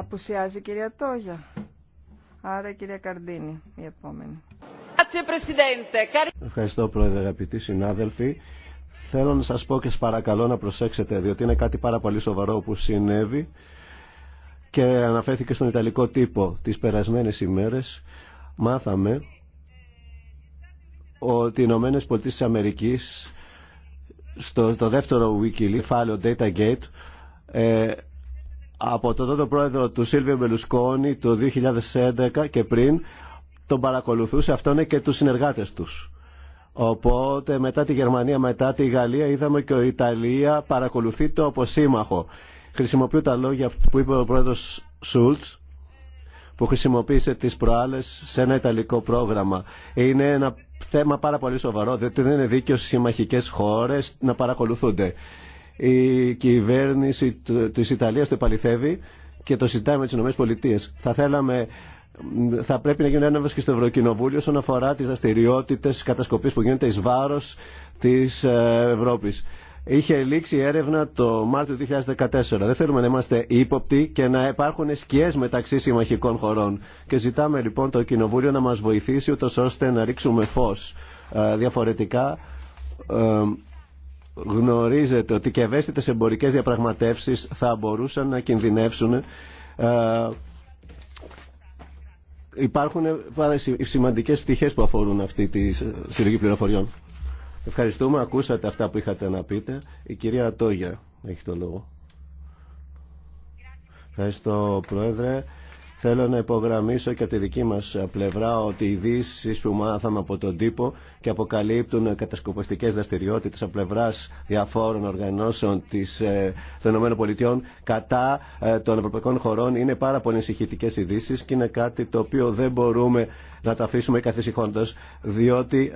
Απουσιάζει η κυρία Τόγια. Άρα η κυρία Καρδίνη, η επόμενη. Ευχαριστώ πρόεδρε αγαπητοί συνάδελφοι. Θέλω να σας πω και σας παρακαλώ να προσέξετε διότι είναι κάτι πάρα πολύ σοβαρό που συνέβη και αναφέρθηκε στον Ιταλικό τύπο τις περασμένες ημέρες μάθαμε ότι οι Ηνωμένε Πολιτείες της Αμερικής στο δεύτερο Wikileaks, Data Datagate, ε, από τον τότε πρόεδρο του Σίλβιο Μπελουσκόνη το 2011 και πριν τον παρακολουθούσε αυτόν και τους συνεργάτες τους. Οπότε μετά τη Γερμανία, μετά τη Γαλλία είδαμε και η Ιταλία παρακολουθεί το από σύμμαχο. τα λόγια που είπε ο πρόεδρος Σούλτς που χρησιμοποίησε τις προάλλες σε ένα Ιταλικό πρόγραμμα. Είναι ένα θέμα πάρα πολύ σοβαρό διότι δεν είναι δίκαιο στις συμμαχικές χώρες να παρακολουθούνται η κυβέρνηση τη Ιταλία το επαληθεύει και το συζητάμε με τι ΗΠΑ. Θα θέλαμε θα πρέπει να γίνει ένα και στο Ευρωκοινοβούλιο όσον αφορά τι δραστηριότητε, τη κατασκοπή που γίνεται ει βάρο τη ε, Ευρώπη. Είχε λήξει η έρευνα το Μάρτιο του 2014. Δεν θέλουμε να είμαστε ύποπτοι και να υπάρχουν σκιέ μεταξύ συμμαχικών χωρών. Και ζητάμε λοιπόν το Κοινοβούλιο να μα βοηθήσει ούτω ώστε να ρίξουμε φω. Ε, διαφορετικά ε, γνωρίζετε ότι και ευαίσθητες εμπορικές διαπραγματεύσεις θα μπορούσαν να κινδυνεύσουν ε, υπάρχουν σημαντικές πτυχές που αφορούν αυτή τη συλλογή πληροφοριών. Ευχαριστούμε, ακούσατε αυτά που είχατε να πείτε. Η κυρία Τόγια έχει το λόγο. Ευχαριστώ, Πρόεδρε. Θέλω να υπογραμμίσω και από τη δική μα πλευρά ότι οι ειδήσει που μάθαμε από τον τύπο και αποκαλύπτουν κατασκοπιστικές δραστηριότητε από πλευρά διαφόρων οργανώσεων ε, των ΗΠΑ κατά ε, των ευρωπαϊκών χωρών είναι πάρα πολύ ενσυχητικέ ειδήσει και είναι κάτι το οποίο δεν μπορούμε να το αφήσουμε καθησυχώντα, διότι,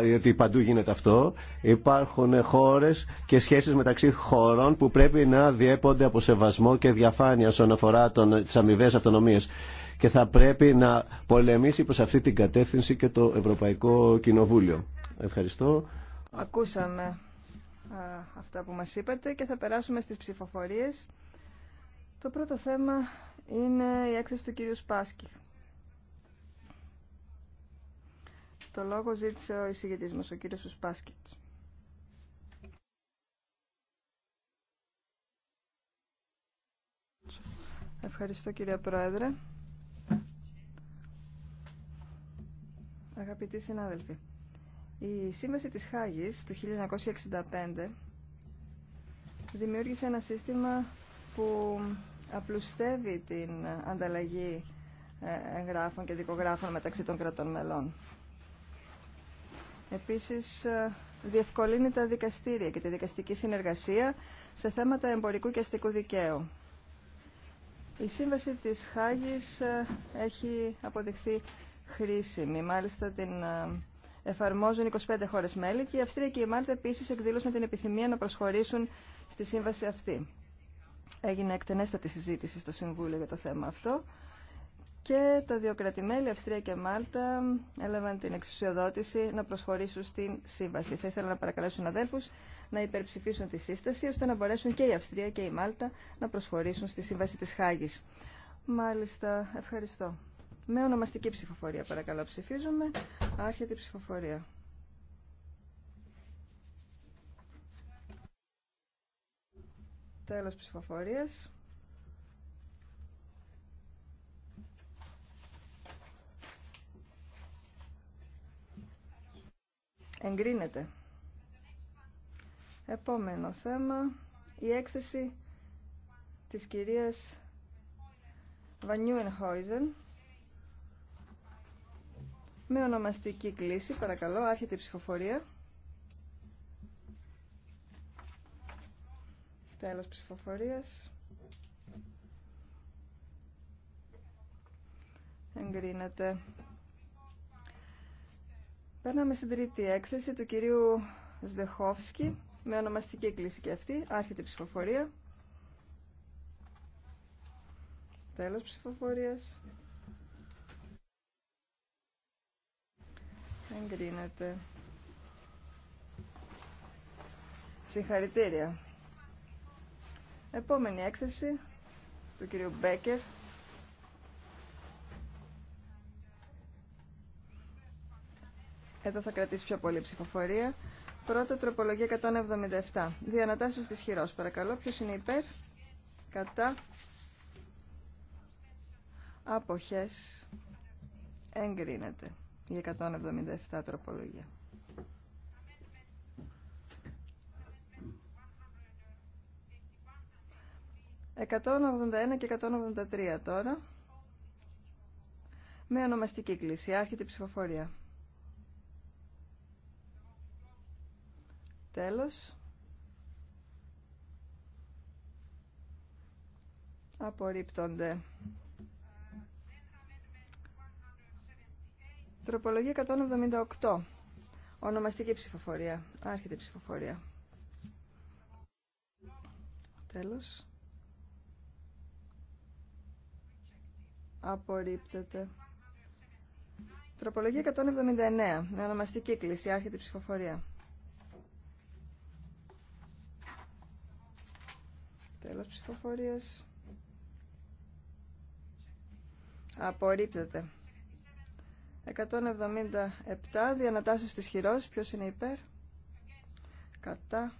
ε, διότι παντού γίνεται αυτό. Υπάρχουν χώρε και σχέσει μεταξύ χωρών που πρέπει να διέπονται από σεβασμό και διαφάνεια όσον αφορά τι αμοιβέ αυτονομίε και θα πρέπει να πολεμήσει προς αυτή την κατεύθυνση και το Ευρωπαϊκό Κοινοβούλιο. Ευχαριστώ. Ακούσαμε αυτά που μας είπατε και θα περάσουμε στις ψηφοφορίες. Το πρώτο θέμα είναι η έκθεση του κύριου Σπάσκη. Το λόγο ζήτησε ο εισηγητής μας, ο κύριος Σπάσκης. Ευχαριστώ κύριε Πρόεδρε. Αγαπητοί συνάδελφοι, η Σύμβαση της Χάγης του 1965 δημιούργησε ένα σύστημα που απλουστεύει την ανταλλαγή ε, εγγράφων και δικογράφων μεταξύ των κρατών μελών. Επίσης, ε, διευκολύνει τα δικαστήρια και τη δικαστική συνεργασία σε θέματα εμπορικού και αστικού δικαίου. Η σύμβαση της Χάγης ε, έχει αποδειχθεί χρήσιμη. Μάλιστα την ε, εφαρμόζουν 25 χώρες μέλη και η Αυστρία και η Μάλτα επίσης εκδήλωσαν την επιθυμία να προσχωρήσουν στη σύμβαση αυτή. Έγινε εκτενέστατη συζήτηση στο Συμβούλιο για το θέμα αυτό και τα δύο κρατημέλη, Αυστρία και Μάλτα, έλαβαν την εξουσιοδότηση να προσχωρήσουν στην σύμβαση. Θα ήθελα να παρακαλέσουν, του αδέλφου να υπερψηφίσουν τη σύσταση, ώστε να μπορέσουν και η Αυστρία και η Μάλτα να προσχωρήσουν στη σύμβαση τη Χάγη. Μάλιστα, ευχαριστώ. Με ονομαστική ψηφοφορία, παρακαλώ, ψηφίζουμε. Άρχεται η ψηφοφορία. Τέλος ψηφοφορίας. Εγκρίνεται. Επόμενο θέμα, η έκθεση της κυρίας Βανιούενχόιζεν με ονομαστική κλίση, παρακαλώ, άρχεται η ψηφοφορία. Τέλος ψηφοφορίας. Εγκρίνεται. Περνάμε στην τρίτη έκθεση του κυρίου Σδεχόφσκι, με ονομαστική κλίση και αυτή, άρχεται η ψηφοφορία. Τέλος ψηφοφορίας. Εγκρίνεται. Συγχαρητήρια. Επόμενη έκθεση του κυρίου Μπέκερ. Εδώ θα κρατήσει πιο πολύ ψηφοφορία. Πρώτα τροπολογία 177. Διανατάσσεω τη χειρός. Παρακαλώ, ποιο είναι υπέρ, κατά, αποχέ. εγκρίνεται. Η 177 τροπολογία. 181 και 183 τώρα. Με ονομαστική κλίση. Άρχεται η ψηφοφορία. Τέλος. Απορρίπτονται. Τροπολογία 178. Ονομαστική ψηφοφορία. Άρχεται ψηφοφορία. Τέλος. Απορρίπτεται. Τροπολογία 179. Ονομαστική κλίση. Άρχεται ψηφοφορία. Τέλος ψηφοφορίας. Απορρίπτεται. 177 διανατάσεις της χειρός. Ποιος είναι υπέρ. Κατά.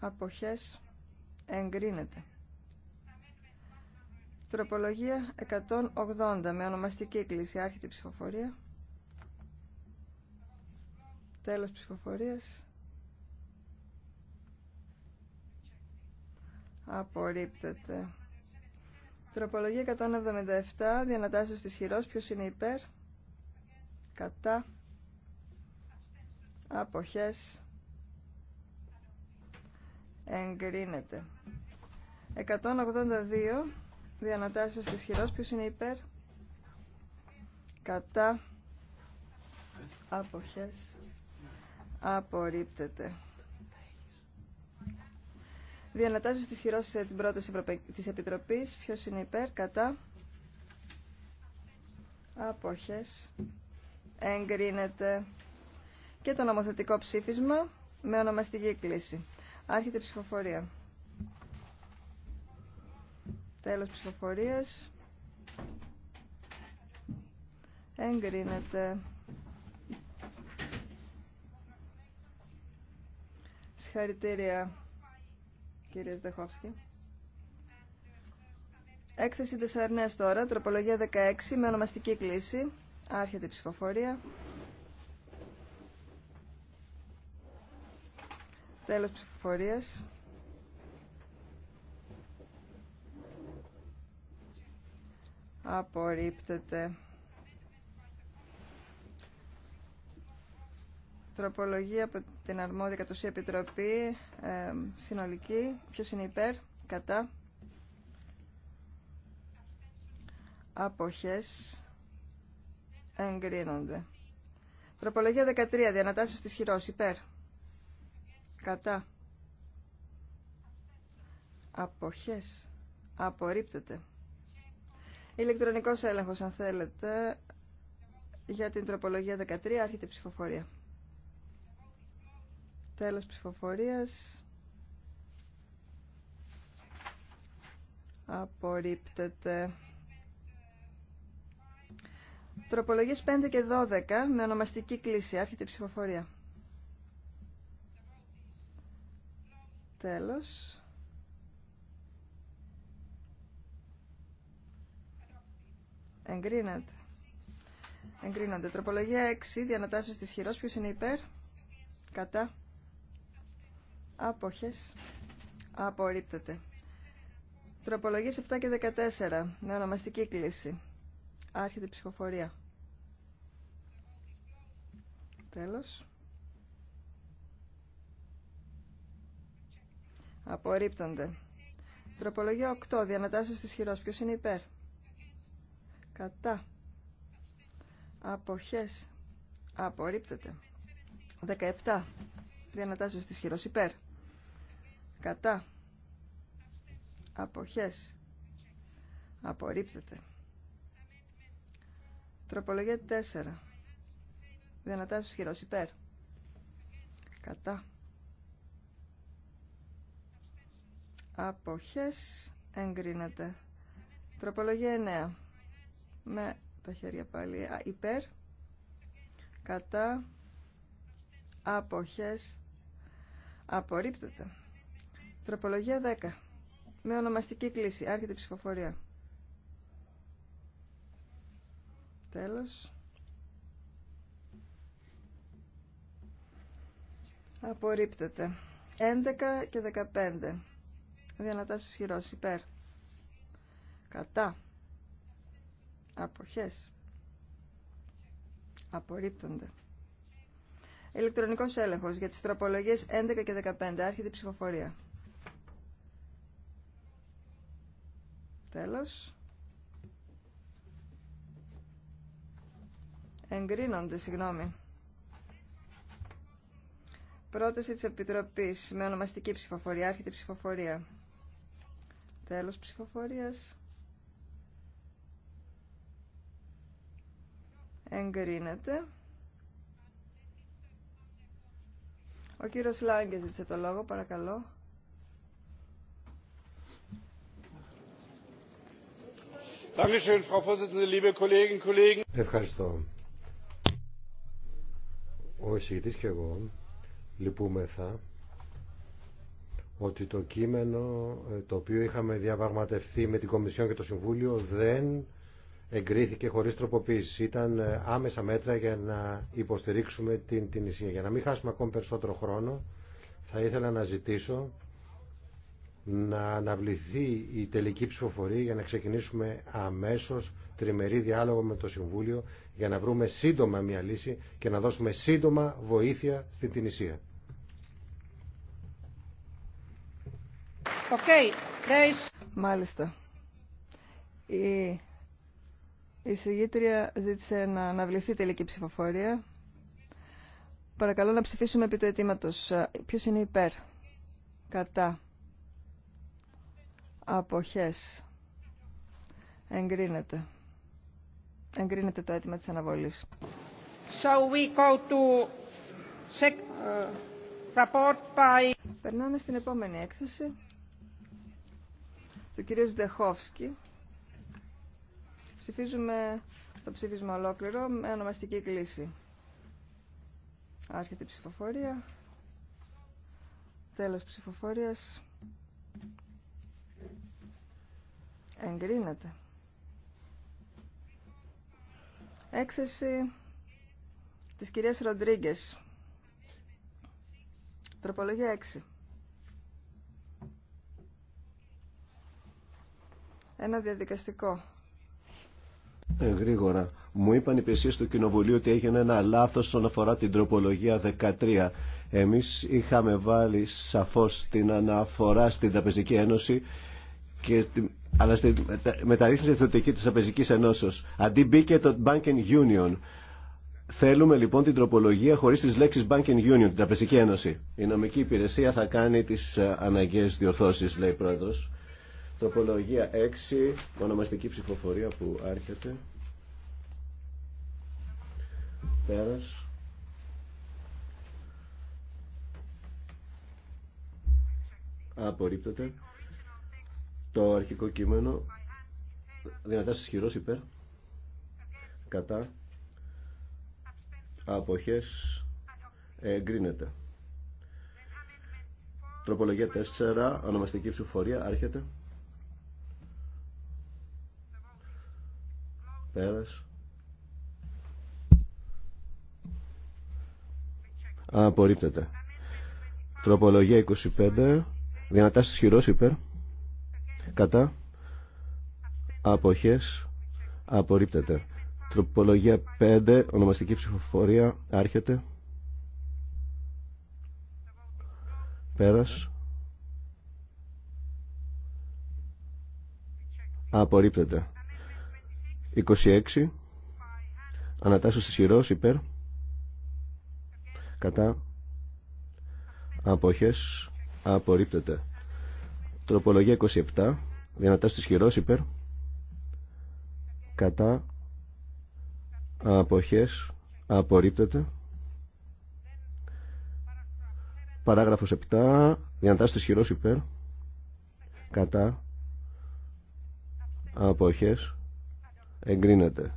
Αποχές. Εγκρίνεται. Τροπολογία 180 με ονομαστική κλίση. Άρχεται η ψηφοφορία. Τέλος ψηφοφορίας. απορρίπτεται. Τροπολογία 177, διανατάσεις της χειρός, ποιος είναι υπέρ, κατά, αποχές, εγκρίνεται. 182, διανατάσεις της χειρός, ποιος είναι υπέρ, κατά, αποχές, απορρίπτεται. Διανατάσσεω στις χειρώσεις τη πρόταση τη Επιτροπή. Ποιο είναι υπέρ, κατά. αποχές Εγκρίνεται. Και το νομοθετικό ψήφισμα με ονομαστική κλίση. Άρχεται ψηφοφορία. Τέλος ψηφοφορίας. Εγκρίνεται. Συγχαρητήρια κύριε Σδεχόφσκι. Έκθεση της Αρνές τώρα, τροπολογία 16, με ονομαστική κλίση. Άρχεται η ψηφοφορία. Τέλος ψηφοφορίας. Απορρίπτεται. Τροπολογία από την αρμόδια ουσία επιτροπή, ε, συνολική. Ποιο είναι υπέρ, κατά. Αποχές εγκρίνονται. Τροπολογία 13, διανατάσσεως τη χειρό, υπέρ. Κατά. Αποχές. Απορρίπτεται. Ηλεκτρονικός έλεγχος, αν θέλετε, για την τροπολογία 13, άρχεται η ψηφοφορία. Τέλος ψηφοφορίας. Απορρίπτεται. Τροπολογίες 5 και 12 με ονομαστική κλίση. Άρχεται η ψηφοφορία. Τέλος. Εγκρίνεται. Εγκρίνονται. Τροπολογία 6. Διανατάσσεως της χειρός. Ποιος είναι υπέρ. Κατά. Άποχες. Απορρίπτεται. Τροπολογίες 7 και 14. Με ονομαστική κλίση. Άρχεται η ψυχοφορία. Τέλος. Απορρίπτονται. Τροπολογία 8. Διανατάσσεως της χειρός. Ποιος είναι υπέρ. Κατά. Αποχές. Απορρίπτεται. 17. Διανατάσσεως της χειρός. Υπέρ κατά αποχές απορρίπτεται τροπολογία 4 δυνατά στους χειρός υπέρ κατά αποχές εγκρίνεται τροπολογία 9 με τα χέρια πάλι Α, υπέρ κατά αποχές απορρίπτεται Τροπολογία 10. Με ονομαστική κλίση. Άρχεται η ψηφοφορία. Τέλος. Απορρίπτεται. 11 και 15. Διανατάσεις χειρός. Υπέρ. Κατά. Αποχές. Απορρίπτονται. Ηλεκτρονικός έλεγχος για τις τροπολογίες 11 και 15. Άρχεται η ψηφοφορία. Τέλος. Εγκρίνονται, συγγνώμη. Πρόταση της Επιτροπής με ονομαστική ψηφοφορία. Άρχεται ψηφοφορία. Τέλος ψηφοφορίας. Εγκρίνεται. Ο κύριος Λάγκε ζήτησε το λόγο, παρακαλώ. Ευχαριστώ. Ο εισηγητής και εγώ λυπούμεθα ότι το κείμενο ε, το οποίο είχαμε διαβαγματευτεί με την Κομισιόν και το Συμβούλιο δεν εγκρίθηκε χωρίς τροποποίηση. Ήταν ε, άμεσα μέτρα για να υποστηρίξουμε την, την Για να μην χάσουμε ακόμη περισσότερο χρόνο θα ήθελα να ζητήσω να αναβληθεί η τελική ψηφοφορία για να ξεκινήσουμε αμέσως τριμερή διάλογο με το Συμβούλιο για να βρούμε σύντομα μια λύση και να δώσουμε σύντομα βοήθεια στην Τινησία. Okay. Μάλιστα. Η, η συγγήτρια ζήτησε να αναβληθεί τελική ψηφοφορία. Παρακαλώ να ψηφίσουμε επί του αιτήματος. Ποιος είναι υπέρ. Κατά. Αποχές. Εγκρίνεται. Εγκρίνεται το αίτημα της αναβολής. So we go to... Uh, by... Περνάμε στην επόμενη έκθεση του κυρίου Ζδεχόφσκι. Ψηφίζουμε το ψήφισμα ολόκληρο με ονομαστική κλίση. Άρχεται η ψηφοφορία. Τέλος ψηφοφορίας. Εγκρίνεται. Έκθεση της κυρίας Ροντρίγκες. Τροπολογία 6. Ένα διαδικαστικό. Ε, γρήγορα. Μου είπαν οι υπηρεσίε του Κοινοβουλίου ότι έγινε ένα λάθος όσον αφορά την τροπολογία 13. Εμείς είχαμε βάλει σαφώς την αναφορά στην Τραπεζική Ένωση και αλλά στη μεταρρύθμιση εθνωτική της Απεζικής Ενώσεως. Αντί μπήκε το Banking Union. Θέλουμε λοιπόν την τροπολογία χωρίς τις λέξεις Banking Union, την Τραπεζική Ένωση. Η νομική υπηρεσία θα κάνει τις ε, αναγκαίες διορθώσεις, λέει Πρόεδρος. Τροπολογία 6, ονομαστική ψηφοφορία που άρχεται. Πέρας. Απορρίπτεται. Το αρχικό κείμενο δυνατά ισχυρός υπέρ κατά αποχές εγκρίνεται. Τροπολογία 4, ονομαστική ψηφοφορία, άρχεται. Πέρας. Απορρίπτεται. Τροπολογία 25, δυνατά ισχυρός υπέρ κατά αποχές απορρίπτεται τροπολογία 5 ονομαστική ψηφοφορία άρχεται πέρας απορρίπτεται 26 ανατάσσω στη σειρός υπέρ κατά αποχές απορρίπτεται τροπολογία 27 Διανατάσταση της χειρός υπέρ κατά αποχές απορρίπτεται παράγραφος 7 Διανατάσταση της χειρός υπέρ κατά αποχές εγκρίνεται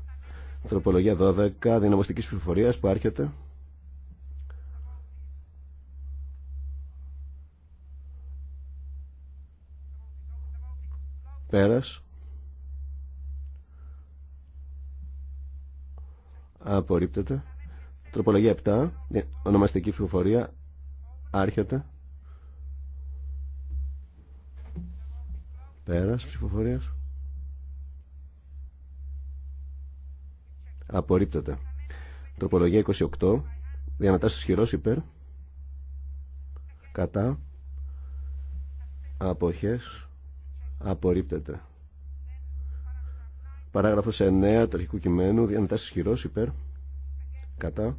τροπολογία 12 δυναμωστικής πληροφορίας που άρχεται Πέρας. Απορρίπτεται. Τροπολογία 7. Ναι, ονομαστική ψηφοφορία. Άρχεται. Πέρας ψηφοφορίας. Απορρίπτεται. Τροπολογία 28. Διανατάσεις χειρός υπέρ. Κατά. Αποχές. Απορρίπτεται. Παράγραφος 9 του αρχικού κειμένου. Διανετάσεις χειρός υπέρ. Κατά.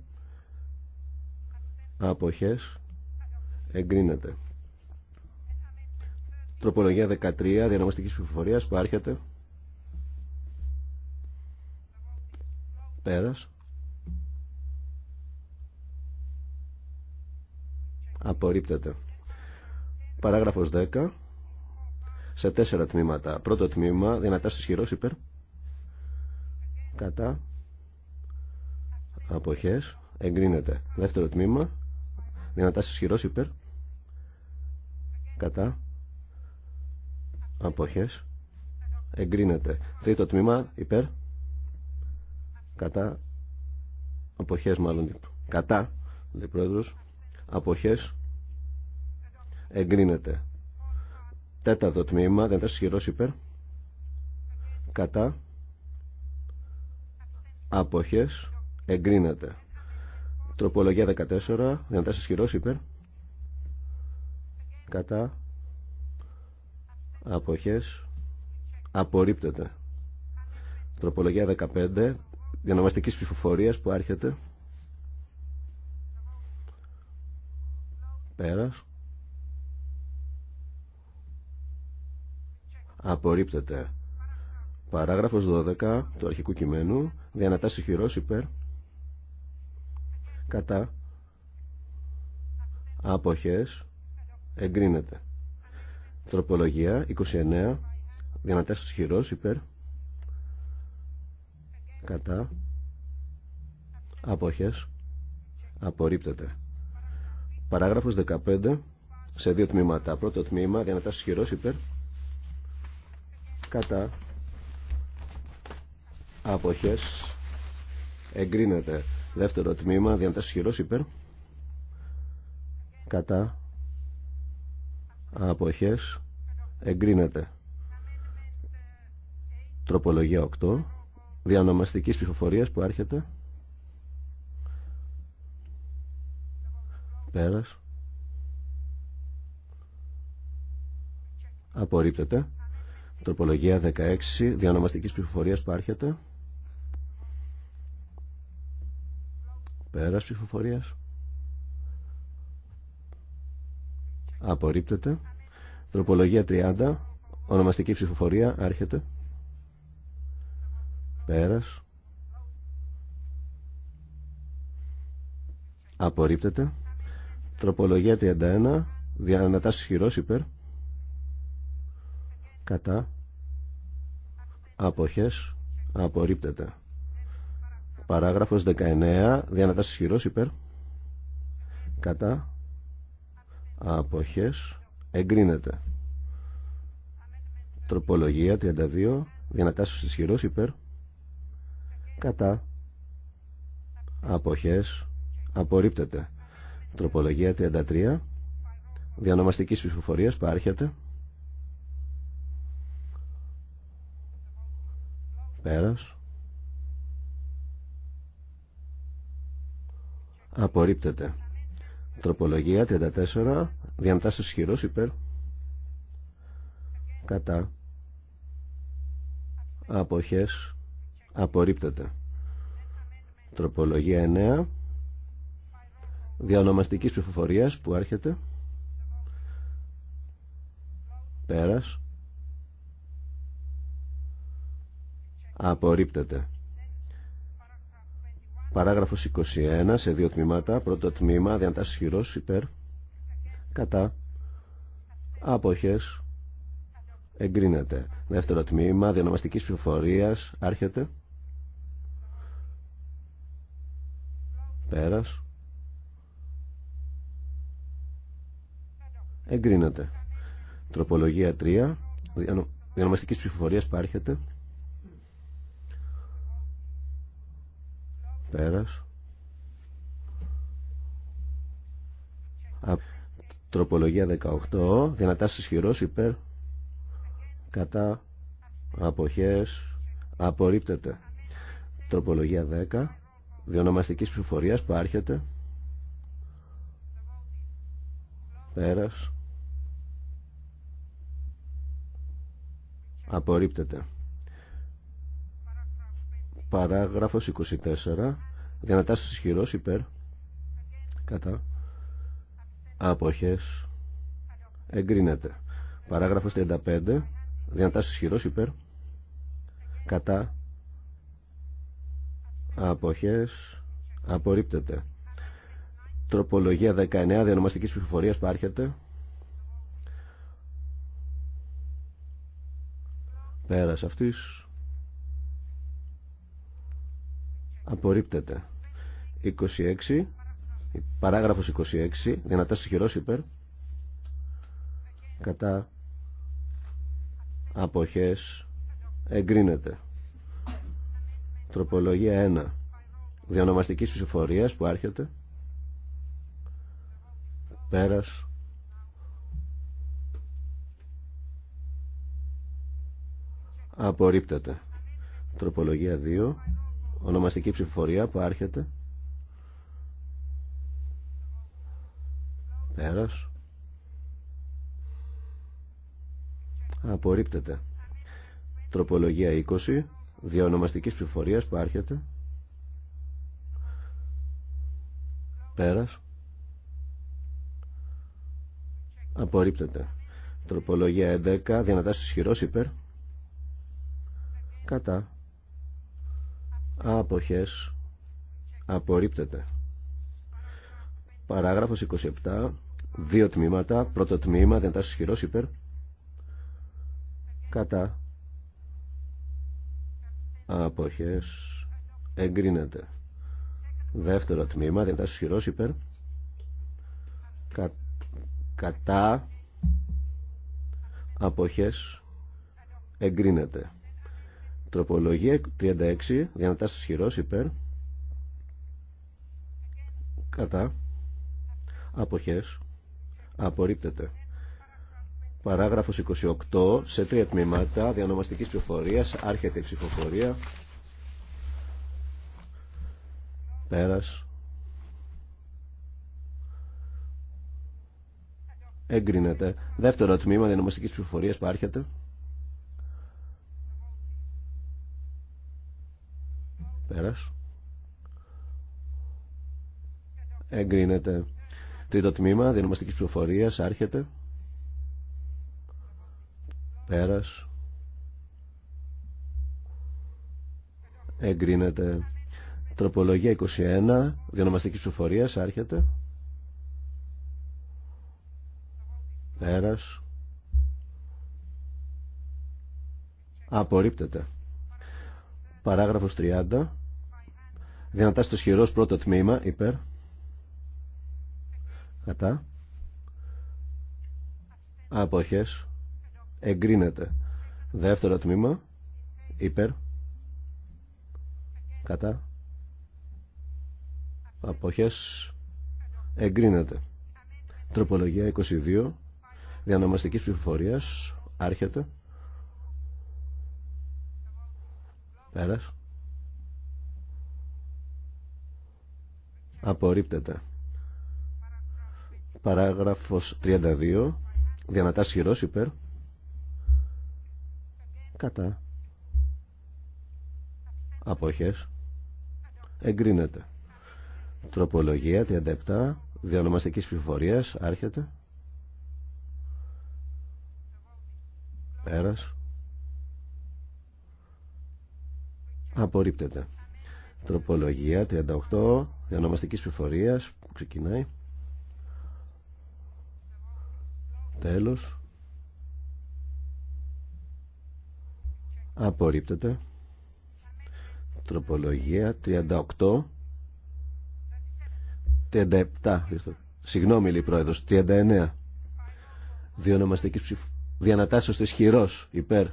Αποχές. Εγκρίνεται. Τροπολογία 13 διανομαστικής ψηφοφορίας που άρχεται. Πέρας. Απορρίπτεται. Παράγραφος 10 σε τέσσερα τμήματα. Πρώτο τμήμα, δυνατά χειρός υπέρ. Κατά. Αποχές. Εγκρίνεται. Δεύτερο τμήμα. Δυνατά χειρός υπέρ. Κατά. Αποχές. Εγκρίνεται. Τρίτο τμήμα υπέρ. Κατά. Αποχές μάλλον. Κατά. Λέει Αποχές. Εγκρίνεται. Τέταρτο τμήμα, δεν θα υπέρ. Κατά. Άποχες. Εγκρίνεται. Τροπολογία 14. Δεν θα υπέρ. Κατά. Αποχές. Απορρίπτεται. Τροπολογία 15. Διανομαστικής ψηφοφορίας που άρχεται. Πέρας. απορρίπτεται. Παράγραφος 12 του αρχικού κειμένου διανατάσσει χειρός υπέρ κατά άποχες εγκρίνεται. Τροπολογία 29 διανατάσσει χειρός υπέρ κατά άποχες απορρίπτεται. Παράγραφος 15 σε δύο τμήματα. Πρώτο τμήμα διανατάσσει χειρός υπέρ κατά αποχές εγκρίνεται δεύτερο τμήμα διαντάσεις χειρός υπέρ κατά αποχές εγκρίνεται τροπολογία 8 διανομαστικής ψηφοφορίας που άρχεται πέρας απορρίπτεται Τροπολογία 16, Διανομαστική ψηφοφορία. που άρχεται. Πέρας ψηφοφορία. Απορρίπτεται. Τροπολογία 30, ονομαστική ψηφοφορία, άρχεται. Πέρας. Απορρίπτεται. Τροπολογία 31, διανατάσεις χειρός υπέρ κατά αποχές απορρίπτεται παράγραφος 19 διανατάσεις χειρός υπέρ κατά αποχές εγκρίνεται τροπολογία 32 διανατάσεις χειρός υπέρ κατά αποχές απορρίπτεται τροπολογία 33 διανομαστικής ψηφοφορίας παρέρχεται Πέρας. Απορρίπτεται. Τροπολογία 34. Διαντάσεις χειρός υπέρ. Κατά. Αποχές. Απορρίπτεται. Τροπολογία 9. διανομαστική ψηφοφορίας που άρχεται. Πέρας. απορρίπτεται. Παράγραφος 21 σε δύο τμήματα. Πρώτο τμήμα, διαντάσεις χειρός, υπέρ, κατά, αποχές, εγκρίνεται. Δεύτερο τμήμα, διανομαστικής ψηφοφορίας, άρχεται, πέρας, εγκρίνεται. Τροπολογία 3, διανομαστικής ψηφοφορίας, πάρχεται, Πέρας. τροπολογία 18. Δυνατάς ισχυρός υπέρ. Κατά. Αποχές. Απορρίπτεται. Τροπολογία 10. Διονομαστικής ψηφοφορίας που άρχεται. Πέρας. Απορρίπτεται. Παράγραφος 24. Δυνατάς ισχυρός υπέρ. Κατά. Αποχές. Εγκρίνεται. Παράγραφος 35. Δυνατάς ισχυρός υπέρ. Κατά. Αποχές. Απορρίπτεται. Τροπολογία 19. Διανομαστικής ψηφοφορίας πάρχεται. Πέρας αυτής. απορρίπτεται 26 παράγραφος 26 δυνατά συγχυρός υπέρ κατά αποχές εγκρίνεται τροπολογία 1 διανομαστικής ψηφορίας που άρχεται πέρας απορρίπτεται τροπολογία 2 Ονομαστική ψηφοφορία που άρχεται. Πέρας. Απορρίπτεται. Τροπολογία 20. Διονομαστική ψηφοφορία που άρχεται. Πέρας. Απορρίπτεται. Τροπολογία 11. Δυνατάς ισχυρός υπέρ. Κατά άποχες απορρίπτεται παράγραφος 27 δύο τμήματα πρώτο τμήμα δεν τα χειρός υπέρ κατά άποχες εγκρίνεται δεύτερο τμήμα δεν τα χειρός υπέρ κατά αποχές εγκρίνεται Τροπολογία 36, Διανατάσταση χειρός υπέρ. Κατά. Αποχές. Απορρίπτεται. Παράγραφος 28, σε τρία τμήματα, διανομαστικής ψηφοφορίας, άρχεται η ψηφοφορία. Πέρας. Εγκρίνεται. Δεύτερο τμήμα, διανομαστικής ψηφοφορίας, που άρχεται. Πέρας. Εγκρίνεται. Τρίτο τμήμα, διανομαστικής ψηφοφορίας, άρχεται. Πέρας. Εγκρίνεται. Τροπολογία 21, διανομαστικής ψηφοφορία, άρχεται. Πέρας. Απορρίπτεται. Παράγραφος 30. Δυνατά στο σχηρός πρώτο τμήμα, υπέρ. Κατά. Αποχές. Εγκρίνεται. Δεύτερο τμήμα, υπέρ. Κατά. Αποχές. Εγκρίνεται. Τροπολογία 22. Διανομαστική ψηφοφορία. Άρχεται. Πέρας. Απορρίπτεται. Παράγραφος 32. Διανατάς χειρός υπέρ. Κατά. Αποχές. Εγκρίνεται. Τροπολογία 37. Διανομαστικής πληροφορίας. Άρχεται. Πέρας. Απορρίπτεται. Τροπολογία 38 διανομαστικής ψηφορίας που ξεκινάει τέλος απορρίπτεται τροπολογία 38 37 συγγνώμη λέει πρόεδρος 39 διονομαστική ψηφορία της χειρός υπέρ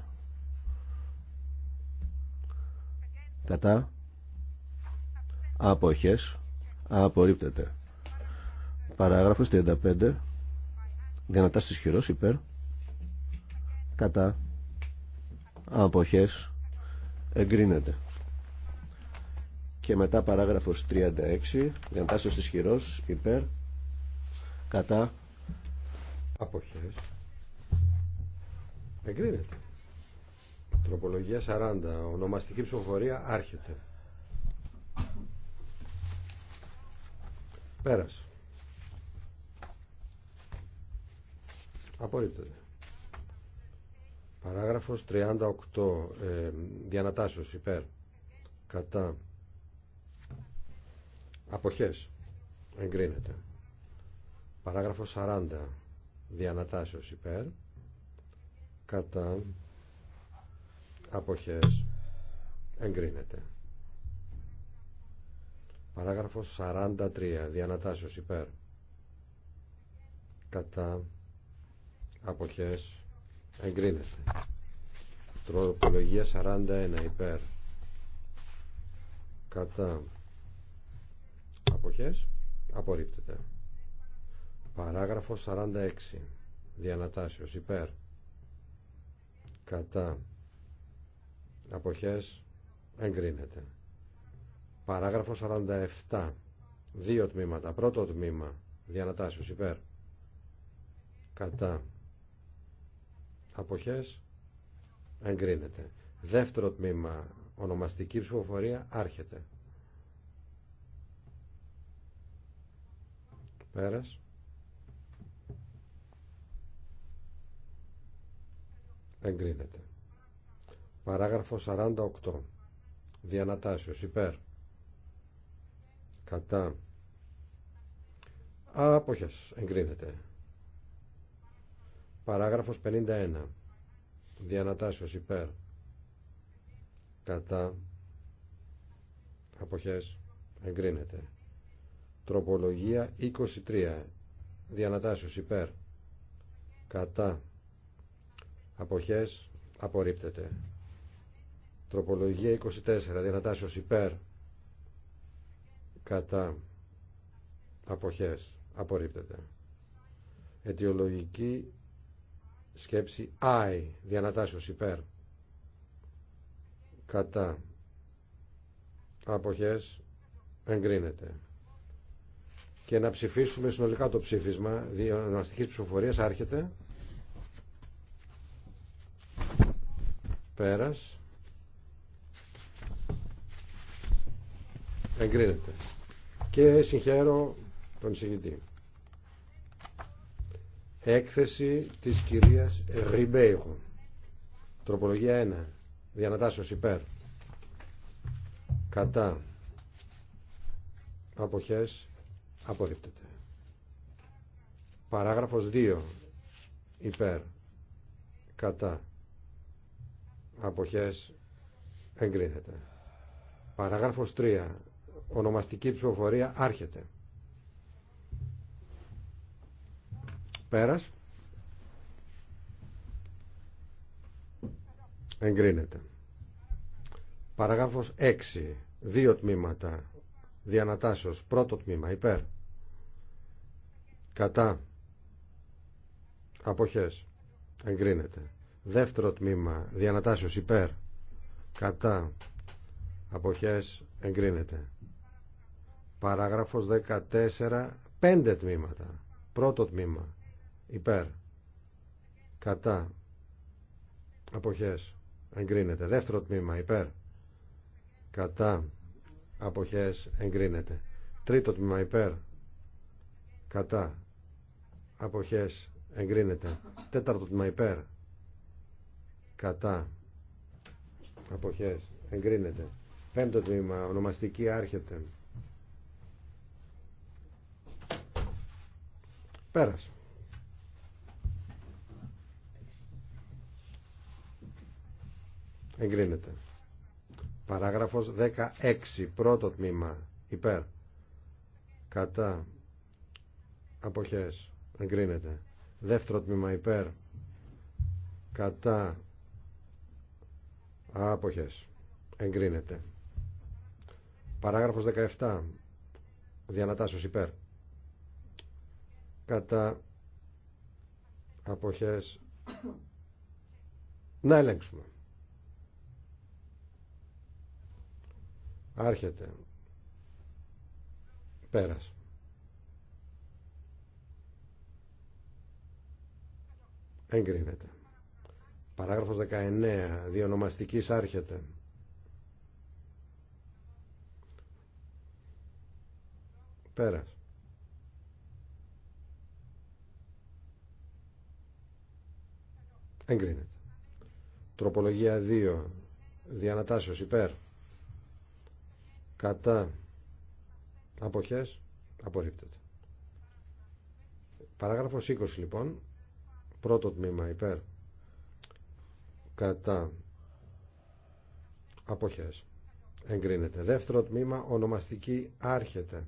κατά απόχες απορρίπτεται. Παράγραφος 35 δυνατά στις χειρός υπέρ κατά αποχές εγκρίνεται. Και μετά παράγραφος 36 δυνατά στις χειρός υπέρ κατά αποχές εγκρίνεται. Τροπολογία 40. Ονομαστική ψηφοφορία άρχεται. Πέρασε. Απορρίπτεται. Παράγραφος 38. Ε, διανατάσσεως υπέρ. Κατά. Αποχές. Εγκρίνεται. Παράγραφος 40. Διανατάσσεως υπέρ. Κατά. Αποχές. Εγκρίνεται. Παράγραφος 43. Διανατάσεως υπέρ. Κατά αποχές εγκρίνεται. Τροπολογία 41 υπέρ. Κατά αποχές απορρίπτεται. Παράγραφος 46. Διανατάσεως υπέρ. Κατά αποχές εγκρίνεται. Παράγραφο 47. Δύο τμήματα. Πρώτο τμήμα. Διανατάσσεω υπέρ. Κατά. αποχέ. Εγκρίνεται. Δεύτερο τμήμα. Ονομαστική ψηφοφορία. Άρχεται. Πέρας. Εγκρίνεται. Παράγραφο 48. Διανατάσσεω υπέρ κατά αποχές εγκρίνεται παράγραφος 51 διανατάσεως υπέρ κατά αποχές εγκρίνεται τροπολογία 23 διανατάσεως υπέρ κατά αποχές απορρίπτεται τροπολογία 24 διανατάσεως υπέρ κατά αποχές απορρίπτεται αιτιολογική σκέψη I διανατάσεως υπέρ κατά αποχές εγκρίνεται και να ψηφίσουμε συνολικά το ψήφισμα διαναστικής ψηφοφορίας άρχεται πέρας εγκρίνεται και συγχαίρω τον συγητή. Έκθεση της κυρίας Ριμπέιχου. Τροπολογία 1. Διανατάσσεως υπέρ. Κατά. Αποχές. Απορρίπτεται. Παράγραφος 2. Υπέρ. Κατά. Αποχές. Εγκρίνεται. Παράγραφος 3. Ονομαστική ψηφοφορία άρχεται. Πέρας. Εγκρίνεται. Παραγράφος 6. Δύο τμήματα. Διανατάσεως. Πρώτο τμήμα. Υπέρ. Κατά. Αποχές. Εγκρίνεται. Δεύτερο τμήμα. Διανατάσεως. Υπέρ. Κατά. Αποχές. Εγκρίνεται. Παράγραφος 14, πέντε τμήματα. Πρώτο τμήμα, υπέρ, κατά, αποχές, εγκρίνεται. Δεύτερο τμήμα, υπέρ, κατά, αποχές, εγκρίνεται. Τρίτο τμήμα, υπέρ, κατά, αποχές, εγκρίνεται. Τέταρτο τμήμα, υπέρ, κατά, αποχές, εγκρίνεται. Πέμπτο τμήμα, ονομαστική άρχεται. Πέρασε. Εγκρίνεται. Παράγραφος 16. Πρώτο τμήμα. Υπέρ. Κατά. Αποχές. Εγκρίνεται. Δεύτερο τμήμα. Υπέρ. Κατά. Αποχές. Εγκρίνεται. Παράγραφος 17. Διανατάσσεως υπέρ κατά αποχές να ελέγξουμε. Άρχεται. Πέρας. Εγκρίνεται. Παράγραφος 19. Διονομαστικής άρχεται. Πέρας. Εγκρίνεται. Τροπολογία 2. Διανατάσεως υπέρ. Κατά. Αποχές. Απορρίπτεται. Παράγραφος 20 λοιπόν. Πρώτο τμήμα υπέρ. Κατά. Αποχές. Εγκρίνεται. Δεύτερο τμήμα ονομαστική άρχεται.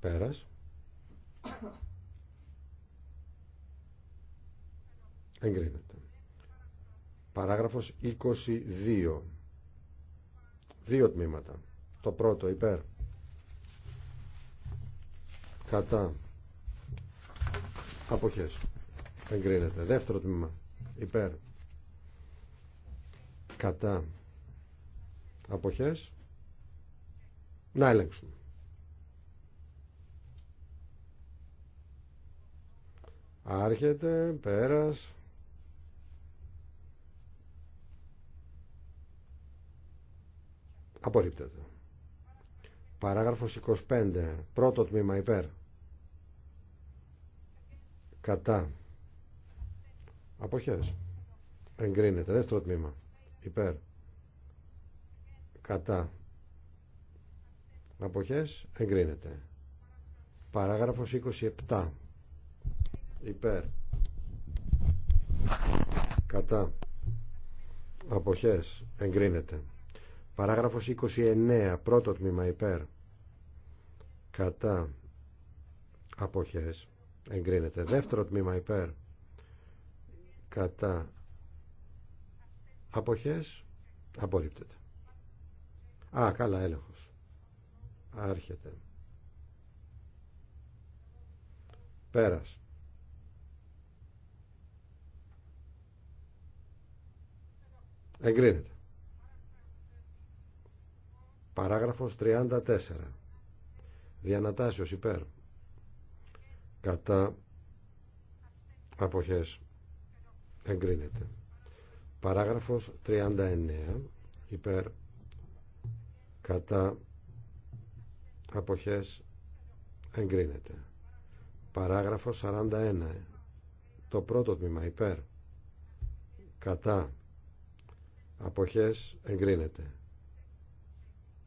Πέρας. Εγκρίνεται. Παράγραφος 22. Δύο τμήματα. Το πρώτο υπέρ. Κατά. Αποχές. Εγκρίνεται. Δεύτερο τμήμα. Υπέρ. Κατά. Αποχές. Να ελέγξουμε. Άρχεται, πέρας, Απορρίπτεται. Παράγραφος 25. Πρώτο τμήμα υπέρ. Κατά. Αποχές. Εγκρίνεται. Δεύτερο τμήμα. Υπέρ. Κατά. Αποχές. Εγκρίνεται. Παράγραφος 27. Υπέρ. Κατά. Αποχές. Εγκρίνεται. Παράγραφος 29, πρώτο τμήμα υπέρ. Κατά αποχές εγκρίνεται. Δεύτερο τμήμα υπέρ. Κατά αποχές απορρίπτεται. Α, καλά έλεγχος. Άρχεται. Πέρας. Εγκρίνεται. Παράγραφος 34. Διανατάσιος υπέρ. Κατά αποχές εγκρίνεται. Παράγραφος 39. Υπέρ. Κατά αποχές εγκρίνεται. Παράγραφος 41. Το πρώτο τμήμα υπέρ. Κατά αποχές εγκρίνεται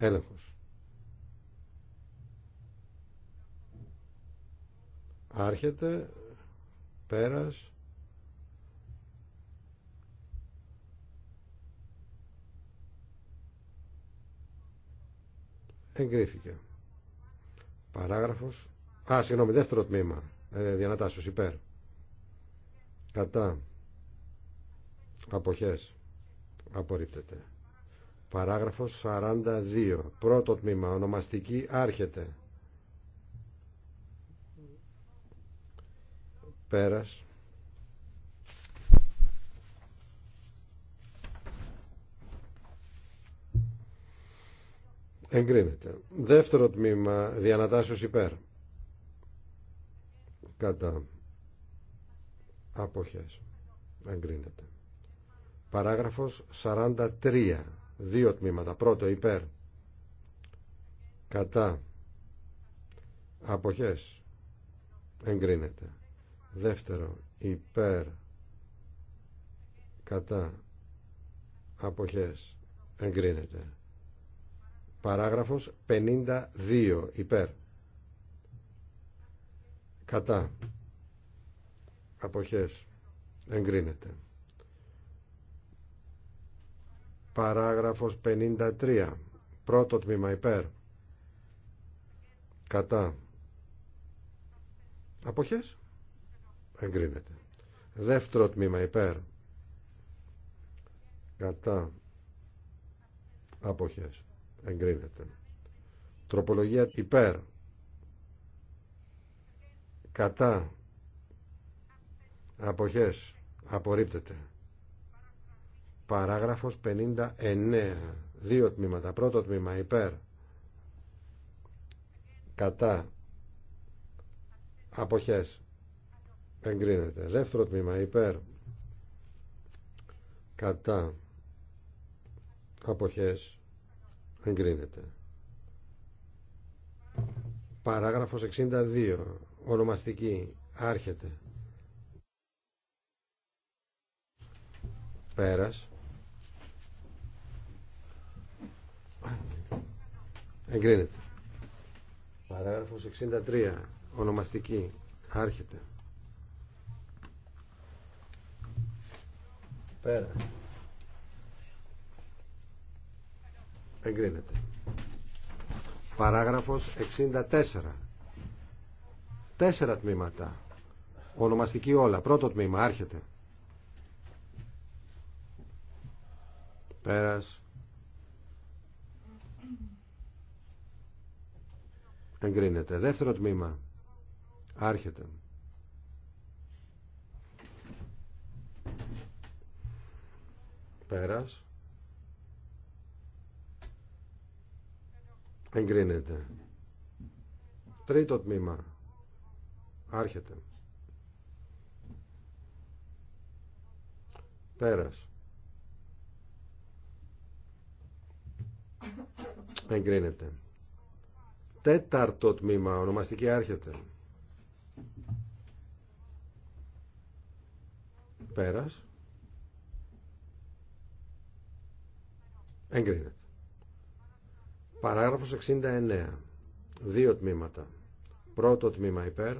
Έλεγχος. Άρχεται, πέρας, εγκρίθηκε. Παράγραφος, α, συγγνώμη, δεύτερο τμήμα, ε, διανατάσσεως, υπέρ. Κατά, αποχές, απορρίπτεται. Παράγραφος 42. Πρώτο τμήμα. Ονομαστική άρχεται. Πέρας. Εγκρίνεται. Δεύτερο τμήμα. Διανατάσεις υπέρ. Κατά. Αποχές. Εγκρίνεται. Παράγραφος 43. Δύο τμήματα. Πρώτο υπέρ. Κατά. Αποχές. Εγκρίνεται. Δεύτερο υπέρ. Κατά. Αποχές. Εγκρίνεται. Παράγραφος 52 υπέρ. Κατά. Αποχές. Εγκρίνεται. Παράγραφος 53. Πρώτο τμήμα υπέρ. Κατά. Αποχές. Εγκρίνεται. Δεύτερο τμήμα υπέρ. Κατά. Αποχές. Εγκρίνεται. Τροπολογία υπέρ. Κατά. Αποχές. Απορρίπτεται. Παράγραφος 59. Δύο τμήματα. Πρώτο τμήμα υπέρ. Κατά. Αποχές. Εγκρίνεται. Δεύτερο τμήμα υπέρ. Κατά. Αποχές. Εγκρίνεται. Παράγραφος 62. Ονομαστική. Άρχεται. Πέρας. Εγκρίνεται. Παράγραφος 63. Ονομαστική. Άρχεται. Πέρα. Εγκρίνεται. Παράγραφος 64. Τέσσερα τμήματα. Ονομαστική όλα. Πρώτο τμήμα. Άρχεται. Πέρας. Εγκρίνεται. Δεύτερο τμήμα. Άρχεται. Πέρας. Εγκρίνεται. Τρίτο τμήμα. Άρχεται. Πέρας. Εγκρίνεται. Τέταρτο τμήμα, ονομαστική άρχεται. Πέρας. Εγκρίνεται. Παράγραφος 69. Δύο τμήματα. Πρώτο τμήμα υπέρ.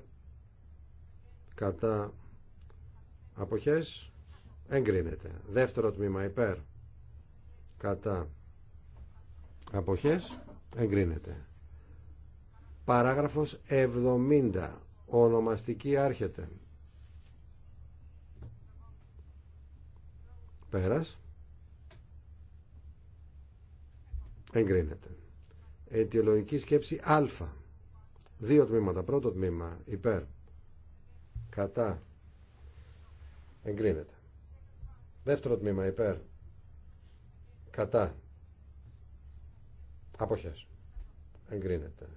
Κατά αποχές. Εγκρίνεται. Δεύτερο τμήμα υπέρ. Κατά αποχές. Εγκρίνεται. Παράγραφος 70. Ονομαστική άρχεται. Πέρας. Εγκρίνεται. Αιτιολογική σκέψη α. Δύο τμήματα. Πρώτο τμήμα υπέρ. Κατά. Εγκρίνεται. Δεύτερο τμήμα υπέρ. Κατά. Αποχές. Εγκρίνεται.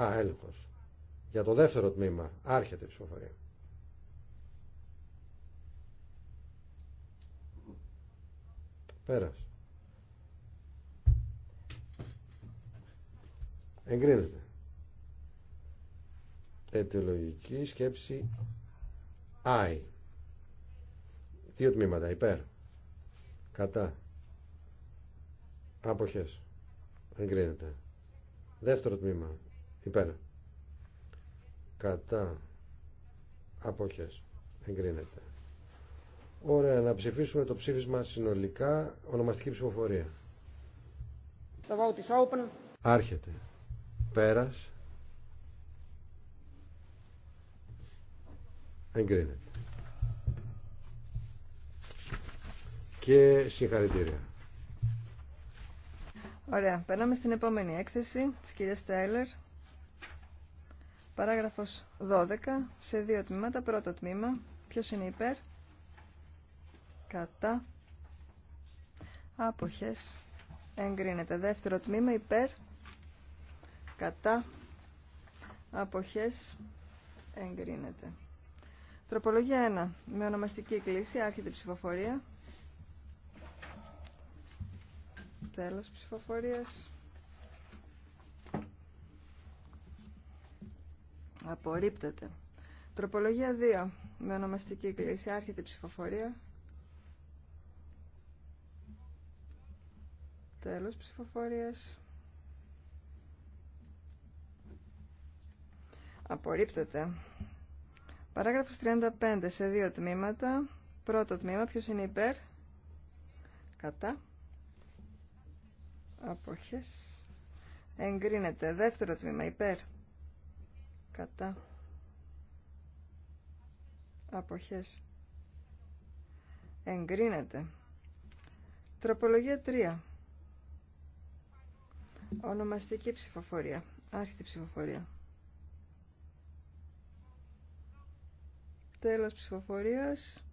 Α, έλεγχος. Για το δεύτερο τμήμα άρχεται η ψηφοφορία. Πέρας. Εγκρίνεται. Αιτιολογική σκέψη Άι. Δύο τμήματα. Υπέρ. Κατά. Αποχές. Εγκρίνεται. Δεύτερο τμήμα υπέρ κατά αποχές εγκρίνεται Ωραία, να ψηφίσουμε το ψήφισμα συνολικά, ονομαστική ψηφοφορία. vote is open. Άρχεται. Πέρας. Εγκρίνεται. Και συγχαρητήρια. Ωραία, περνάμε στην επόμενη έκθεση της κυρίας Τέιλερ Παράγραφος 12 σε δύο τμήματα. Πρώτο τμήμα. Ποιος είναι υπέρ. Κατά. Άποχες. Εγκρίνεται. Δεύτερο τμήμα υπέρ. Κατά. Άποχες. Εγκρίνεται. Τροπολογία 1. Με ονομαστική κλίση. Άρχεται ψηφοφορία. Τέλος ψηφοφορίας. Απορρίπτεται. Τροπολογία 2. Με ονομαστική κλίση. Άρχεται η ψηφοφορία. Τέλος ψηφοφορίας. Απορρίπτεται. Παράγραφος 35. Σε δύο τμήματα. Πρώτο τμήμα. Ποιος είναι υπέρ. Κατά. Αποχές. Εγκρίνεται. Δεύτερο τμήμα. Υπέρ κατά αποχές εγκρίνεται τροπολογία 3 ονομαστική ψηφοφορία άρχιτη ψηφοφορία τέλος ψηφοφορίας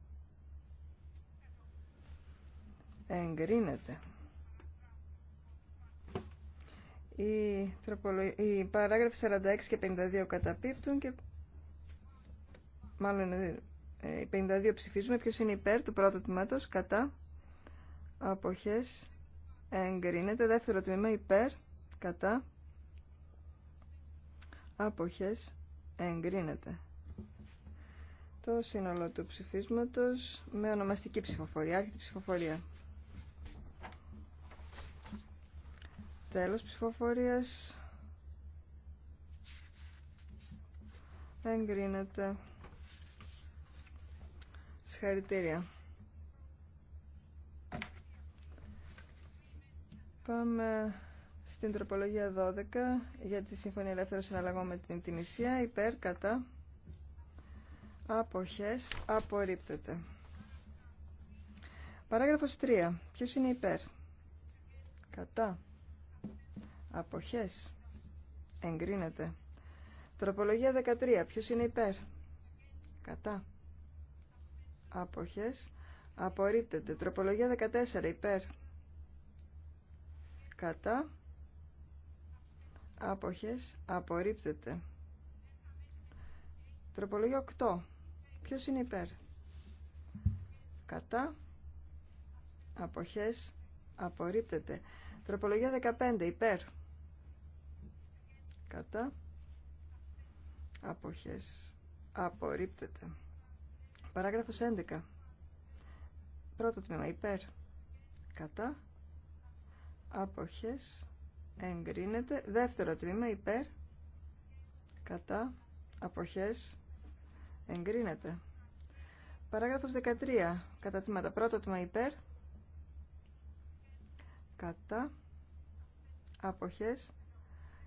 εγκρίνεται οι, τροπολο... παράγραφοι 46 και 52 καταπίπτουν και μάλλον ε, ε, οι 52 ψηφίζουμε. Ποιος είναι υπέρ του πρώτου τμήματος, κατά, αποχές, εγκρίνεται. Δεύτερο τμήμα υπέρ, κατά, αποχές, εγκρίνεται. Το σύνολο του ψηφίσματος με ονομαστική ψηφοφορία, άρχιτη ψηφοφορία. Τέλος ψηφοφορίας. Εγκρίνεται. Συγχαρητήρια. Πάμε στην τροπολογία 12 για τη Συμφωνία Ελεύθερων Συναλλαγών με την Τινησία. Υπέρ, κατά, αποχές, απορρίπτεται. Παράγραφος 3. Ποιος είναι υπέρ. Κατά. Αποχές. Εγκρίνεται. Τροπολογία 13. Ποιος είναι υπέρ. Κατά. Αποχές. Απορρίπτεται. Τροπολογία 14. Υπέρ. Κατά. Άποχες. Απορρίπτεται. Τροπολογία 8. Ποιος είναι υπέρ. Κατά. Αποχές. Απορρίπτεται. Τροπολογία 15. Υπέρ κατά αποχές απορρίπτεται παράγραφος 11 πρώτο τμήμα υπέρ κατά αποχές εγκρίνεται δεύτερο τμήμα υπέρ κατά αποχές εγκρίνεται παράγραφος 13 κατά τμήματα πρώτο τμήμα υπέρ κατά αποχές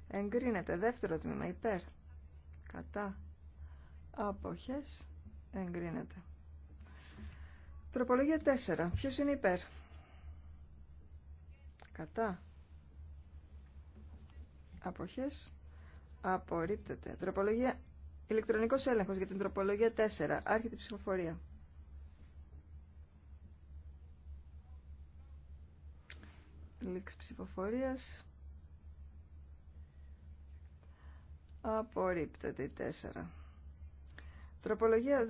εγκρίνεται. Δεύτερο τμήμα υπέρ, κατά, άποχες, εγκρίνεται. Τροπολογία 4. Ποιος είναι υπέρ. Κατά. Αποχές. Απορρίπτεται. Τροπολογία. Ηλεκτρονικός έλεγχος για την τροπολογία 4. Άρχεται η ψηφοφορία. Λήξη ψηφοφορίας. Απορρίπτεται η 4. Τροπολογία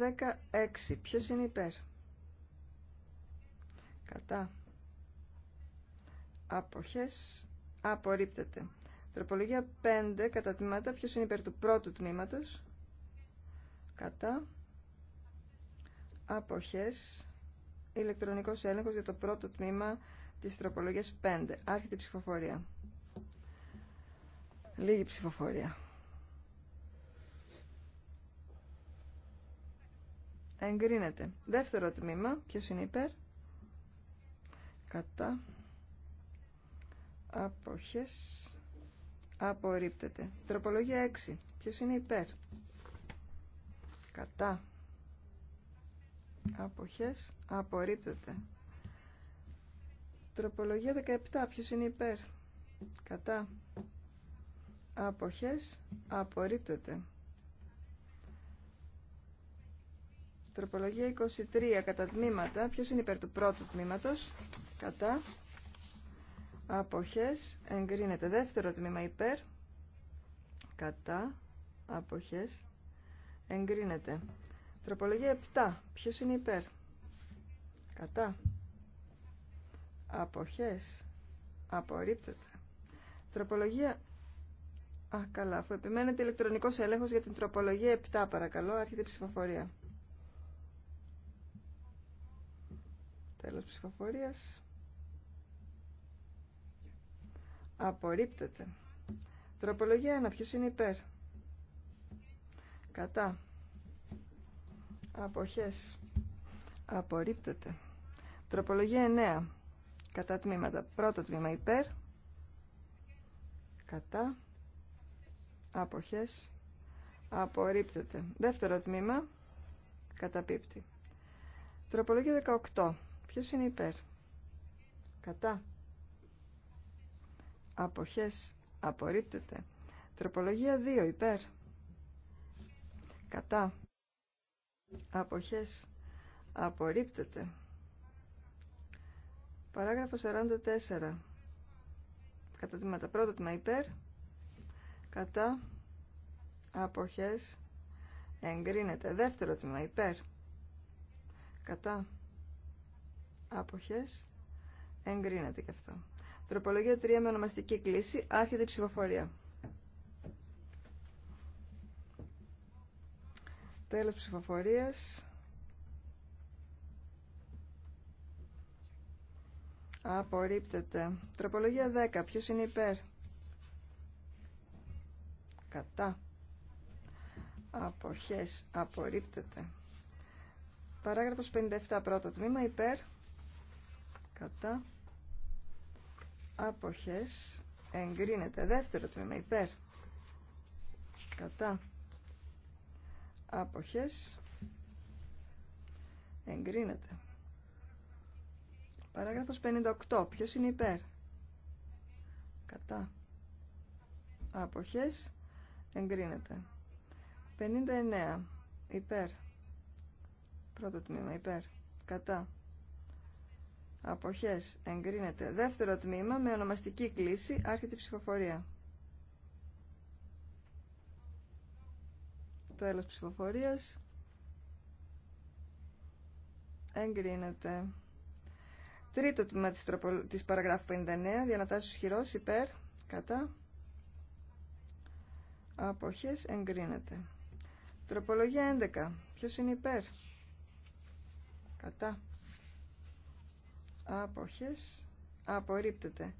16. Ποιος είναι υπέρ. Κατά. Αποχές. Απορρίπτεται. Τροπολογία 5. Κατά τμήματα. Ποιος είναι υπέρ του πρώτου τμήματος. Κατά. Αποχές. Ηλεκτρονικός έλεγχος για το πρώτο τμήμα της τροπολογίας 5. Άρχεται η ψηφοφορία. Λίγη ψηφοφορία. Εγκρίνεται. Δεύτερο τμήμα. Ποιος είναι υπέρ. Κατά. Αποχές. Απορρίπτεται. Τροπολογία 6. Ποιος είναι υπέρ. Κατά. Αποχές. Απορρίπτεται. Τροπολογία 17. Ποιος είναι υπέρ. Κατά. Αποχές. Απορρίπτεται. Τροπολογία 23 κατά τμήματα. Ποιος είναι υπέρ του πρώτου τμήματος. Κατά. Αποχές. Εγκρίνεται δεύτερο τμήμα υπέρ. Κατά. Αποχές. Εγκρίνεται. Τροπολογία 7. Ποιο είναι υπέρ. Κατά. Αποχές. Απορρίπτεται. Τροπολογία... Α, καλά. Αφού επιμένετε ηλεκτρονικό έλεγχος για την τροπολογία 7, παρακαλώ. Άρχεται η ψηφοφορία. Τέλος ψηφοφορίας. Απορρίπτεται. Τροπολογία 1. Ποιος είναι υπέρ. Κατά. Αποχές. Απορρίπτεται. Τροπολογία 9. Κατά τμήματα. Πρώτο τμήμα υπέρ. Κατά. Αποχές. Απορρίπτεται. Δεύτερο τμήμα. Καταπίπτει. Τροπολογία 18. Ποιος είναι υπέρ. Κατά. Αποχές. Απορρίπτεται. Τροπολογία 2. Υπέρ. Κατά. Αποχές. Απορρίπτεται. Παράγραφο 44. Κατά τμήματα. Πρώτο τμήμα υπέρ. Κατά. Αποχές. Εγκρίνεται. Δεύτερο τμήμα υπέρ. Κατά. Άποχες. Εγκρίνεται και αυτό. Τροπολογία 3 με ονομαστική κλίση. Άρχεται η ψηφοφορία. Τέλος ψηφοφορίας. Απορρίπτεται. Τροπολογία 10. Ποιος είναι υπέρ. Κατά. Αποχές. Απορρίπτεται. Παράγραφος 57. Πρώτο τμήμα. Υπέρ κατά αποχές εγκρίνεται δεύτερο τμήμα υπέρ κατά αποχές εγκρίνεται παράγραφος 58 ποιος είναι υπέρ κατά αποχές εγκρίνεται 59 υπέρ πρώτο τμήμα υπέρ κατά Αποχές. Εγκρίνεται. Δεύτερο τμήμα με ονομαστική κλίση. Άρχεται η ψηφοφορία. Τέλος ψηφοφορίας. Εγκρίνεται. Τρίτο τμήμα της, τροπο... της παραγράφου 59. Διανατάσεις χειρός. Υπέρ. Κατά. Αποχές. Εγκρίνεται. Τροπολογία 11. Ποιος είναι υπέρ. Κατά άποχες απορρίπτεται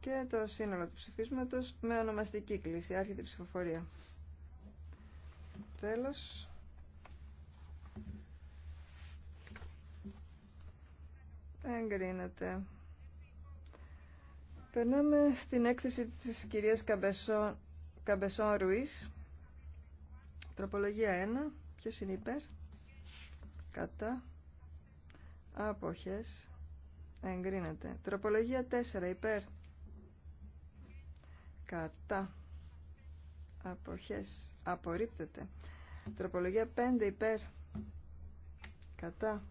και το σύνολο του ψηφίσματος με ονομαστική κλίση άρχεται η ψηφοφορία τέλος εγκρίνεται περνάμε στην έκθεση της κυρίας Καμπεσόν, Καμπεσόν Ρουής τροπολογία 1 ποιος είναι υπέρ κατά άποχες Εγκρίνεται. Τροπολογία 4. Υπέρ. Κατά. Αποχές. Απορρίπτεται. Τροπολογία 5. Υπέρ. Κατά.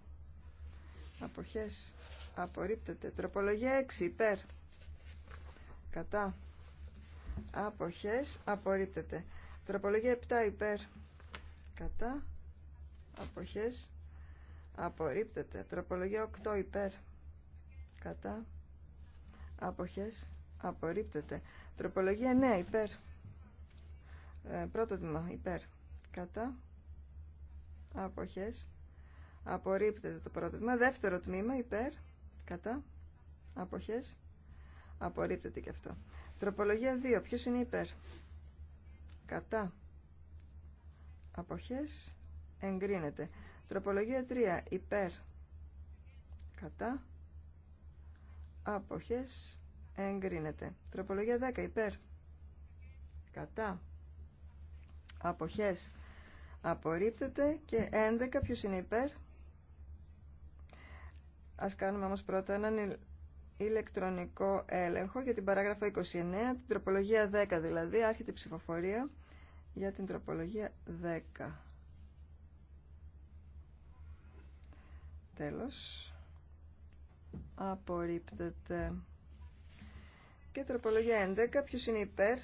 Αποχές. Απορρίπτεται. Τροπολογία 6. Υπέρ. Κατά. Αποχές. Απορρίπτεται. Τροπολογία 7. Υπέρ. Κατά. Αποχές. Απορρίπτεται. Τροπολογία 8. Υπέρ κατά αποχές απορρίπτεται τροπολογία 9 υπέρ ε, πρώτο τμήμα υπέρ κατά αποχές απορρίπτεται το πρώτο τμήμα δεύτερο τμήμα υπέρ κατά αποχές απορρίπτεται και αυτό τροπολογία 2 ποιος είναι υπέρ κατά αποχές εγκρίνεται τροπολογία 3 υπέρ κατά Αποχές εγκρίνεται. Τροπολογία 10 υπέρ. Κατά. Αποχές απορρίπτεται. Και 11 ποιος είναι υπέρ. Ας κάνουμε όμως πρώτα έναν ηλεκτρονικό έλεγχο για την παράγραφο 29, την τροπολογία 10 δηλαδή, άρχεται η ψηφοφορία για την τροπολογία 10. Τέλος απορρίπτεται. Και τροπολογία 11. Ποιος είναι υπέρ.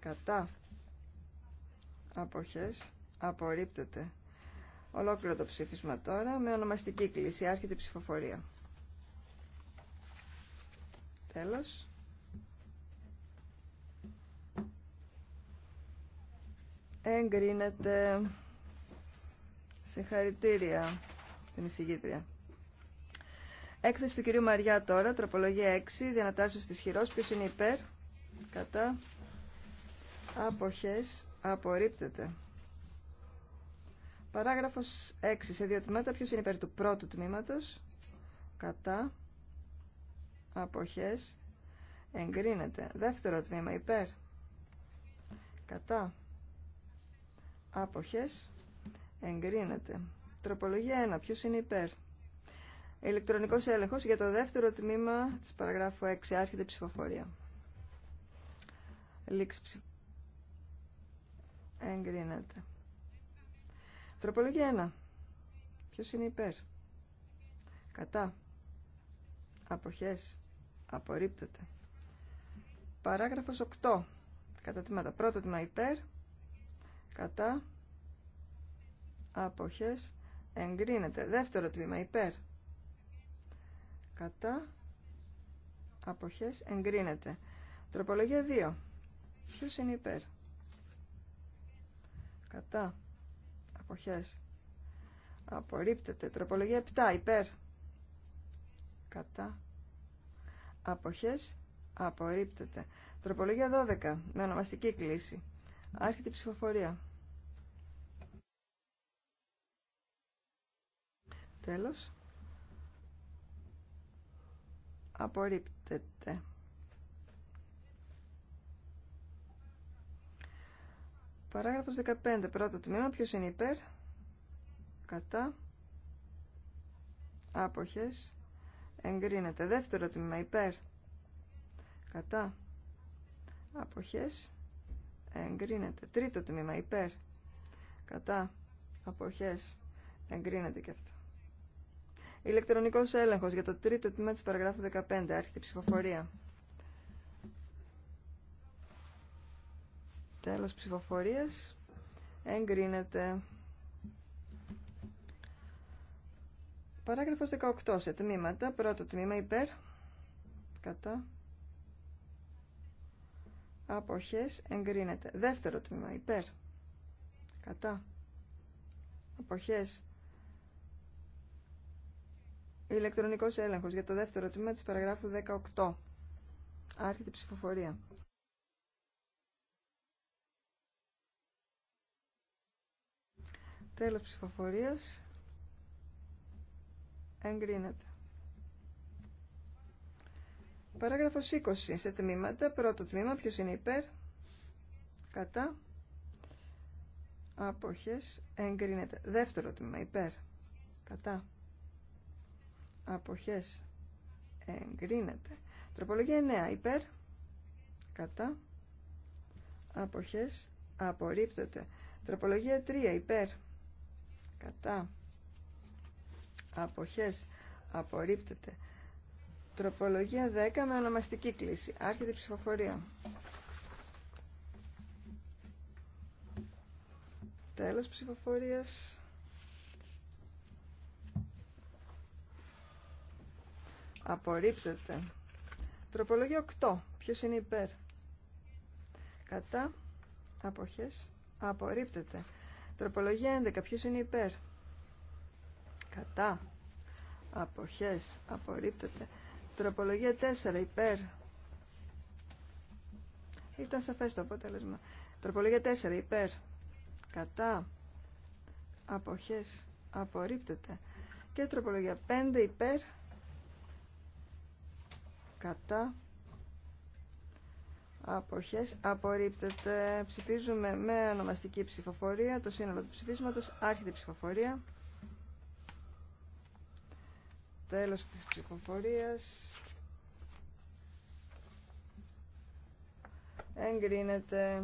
Κατά. Αποχές. Απορρίπτεται. Ολόκληρο το ψήφισμα τώρα με ονομαστική κλίση. Άρχεται η ψηφοφορία. Τέλος. Εγκρίνεται. Συγχαρητήρια την εισηγήτρια. Έκθεση του κυρίου Μαριά τώρα, τροπολογία 6, διανατάσσεως της χειρός, ποιος είναι υπέρ, κατά, αποχές, απορρίπτεται. Παράγραφος 6, σε δύο τμήματα, ποιος είναι υπέρ του πρώτου τμήματος, κατά, αποχές, εγκρίνεται. Δεύτερο τμήμα, υπέρ, κατά, αποχές, εγκρίνεται. Τροπολογία 1, ποιος είναι υπέρ Ηλεκτρονικός έλεγχος για το δεύτερο τμήμα της παραγράφου 6. Άρχεται ψηφοφορία. Λήξη Εγκρίνεται. Τροπολογία 1. Ποιος είναι υπέρ. Κατά. Αποχές. Απορρίπτεται. Παράγραφος 8. Κατά τμήματα. Πρώτο τμήμα υπέρ. Κατά. Αποχές. Εγκρίνεται. Δεύτερο τμήμα υπέρ. Κατά. Αποχές. Εγκρίνεται. Τροπολογία 2. Ποιος είναι υπέρ. Κατά. Αποχές. Απορρίπτεται. Τροπολογία 7. Υπέρ. Κατά. Αποχές. Απορρίπτεται. Τροπολογία 12. Με ονομαστική κλίση. Άρχεται η ψηφοφορία. Τέλος απορρίπτεται. Παράγραφος 15, πρώτο τμήμα, ποιος είναι υπέρ, κατά, άποχες, εγκρίνεται. Δεύτερο τμήμα, υπέρ, κατά, αποχές, εγκρίνεται. Τρίτο τμήμα, υπέρ, κατά, αποχές, εγκρίνεται και αυτό. Ηλεκτρονικό έλεγχο για το τρίτο τμήμα τη παραγράφου 15. Άρχεται η ψηφοφορία. Τέλο ψηφοφορία. Εγκρίνεται. Παράγραφος 18. Σε τμήματα. Πρώτο τμήμα υπέρ. Κατά. Αποχές. Εγκρίνεται. Δεύτερο τμήμα υπέρ. Κατά. Αποχές. Ηλεκτρονικό έλεγχο για το δεύτερο τμήμα τη παραγράφου 18. Άρχεται η ψηφοφορία. Τέλος ψηφοφορίας. Εγκρίνεται. Παράγραφος 20. Σε τμήματα. Πρώτο τμήμα. ποιο είναι υπέρ. Κατά. Αποχές. Εγκρίνεται. Δεύτερο τμήμα. Υπέρ. Κατά αποχές εγκρίνεται. Τροπολογία 9 υπέρ, κατά, αποχές απορρίπτεται. Τροπολογία 3 υπέρ, κατά, αποχές απορρίπτεται. Τροπολογία 10 με ονομαστική κλίση. Άρχεται η ψηφοφορία. Τέλος ψηφοφορίας. Απορρίπτεται. Τροπολογία 8. Ποιος είναι υπέρ. Κατά. Αποχές. Απορρίπτεται. Τροπολογία 11. Ποιος είναι υπέρ. Κατά. Αποχές. Απορρίπτεται. Τροπολογία 4. Υπέρ. Ήταν σαφές το αποτέλεσμα. Τροπολογία 4. Υπέρ. Κατά. Αποχές. Απορρίπτεται. Και τροπολογία 5. Υπέρ κατά αποχές απορρίπτεται. Ψηφίζουμε με ονομαστική ψηφοφορία το σύνολο του ψηφίσματος, άρχεται ψηφοφορία. Τέλος της ψηφοφορίας. Εγκρίνεται.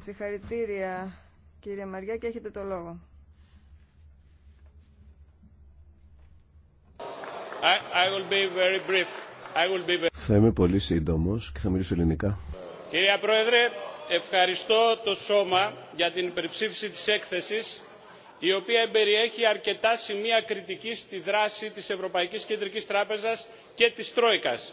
Συγχαρητήρια κύριε Μαριά και έχετε το λόγο. Θα είμαι πολύ σύντομος και θα μιλήσω ελληνικά. Κυρία Πρόεδρε, ευχαριστώ το Σώμα για την υπερψήφιση της έκθεσης η οποία περιέχει αρκετά σημεία κριτική στη δράση της Ευρωπαϊκής Κεντρικής Τράπεζας και της Τρόικας.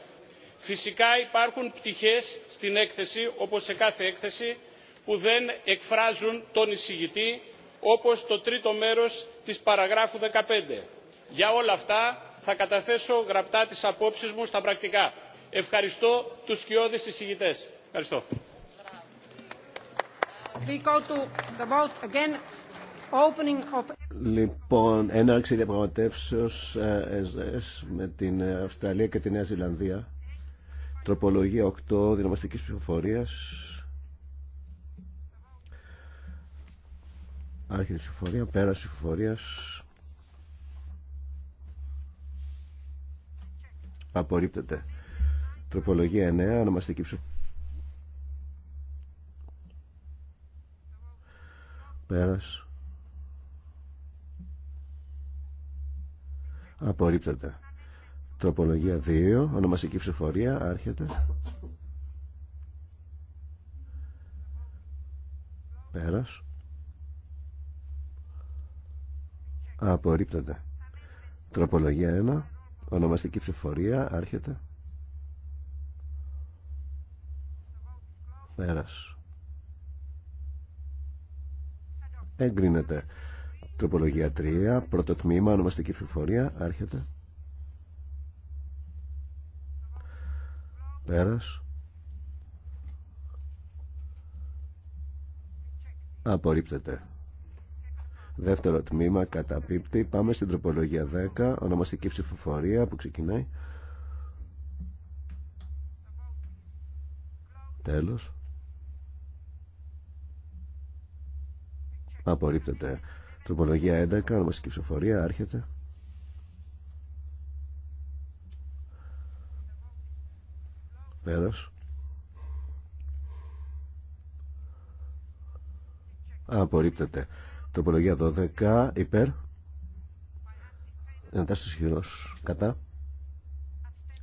Φυσικά υπάρχουν πτυχές στην έκθεση, όπως σε κάθε έκθεση, που δεν εκφράζουν τον εισηγητή, όπως το τρίτο μέρος της παραγράφου 15. Για όλα αυτά θα καταθέσω γραπτά τις απόψεις μου στα πρακτικά. Ευχαριστώ τους σκιώδεις εισηγητές. Ευχαριστώ. Λοιπόν, έναρξη διαπραγματεύσεως ε, ε, ε, με την Αυστραλία και τη Νέα Ζηλανδία. Τροπολογία 8 δυναμαστικής ψηφοφορίας. Άρχεται ψηφοφορία, πέραση ψηφοφορίας. Απορρίπτεται. Τροπολογία 9. Ονομαστική ψηφοφορία. Πέρας. Απορρίπτεται. Τροπολογία 2. Ονομαστική ψηφοφορία. Άρχεται. Πέρας. Απορρίπτεται. Τροπολογία 1. Ονομαστική ψηφορία άρχεται. Πέρας. Εγκρίνεται. Τροπολογία 3. Πρώτο τμήμα. Ονομαστική ψηφορία άρχεται. Πέρας. Απορρίπτεται. Δεύτερο τμήμα καταπίπτει. Πάμε στην τροπολογία 10. Ονομαστική ψηφοφορία που ξεκινάει. Τέλος. Απορρίπτεται. Τροπολογία 11. Ονομαστική ψηφοφορία. Άρχεται. Πέρας. Απορρίπτεται. Τροπολογία 12 υπέρ. Εντάσσεως χειρός. Κατά.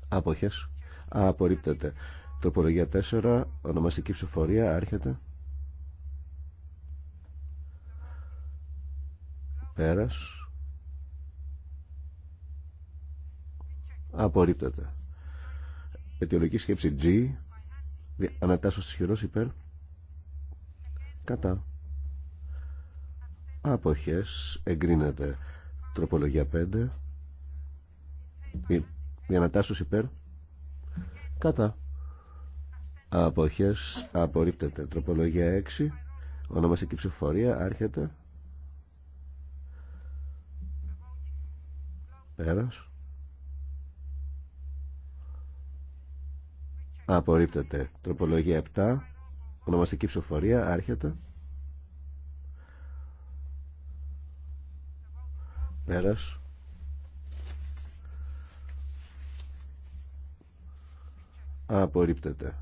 Άποχες. Απορρίπτεται. Τροπολογία 4. Ονομαστική ψηφορία, Άρχεται. Πέρας. Απορρίπτεται. Αιτιολογική σκέψη G. στις χειρός υπέρ. Κατά Αποχές εγκρίνεται τροπολογία 5. Η ανατάσσος υπέρ. Κατά. Αποχές απορρίπτεται. Τροπολογία 6. Ονομαστική ψηφοφορία άρχεται. Πέρας. Απορρίπτεται. Τροπολογία 7. Ονομαστική ψηφοφορία άρχεται. Πέρας. Απορρίπτεται.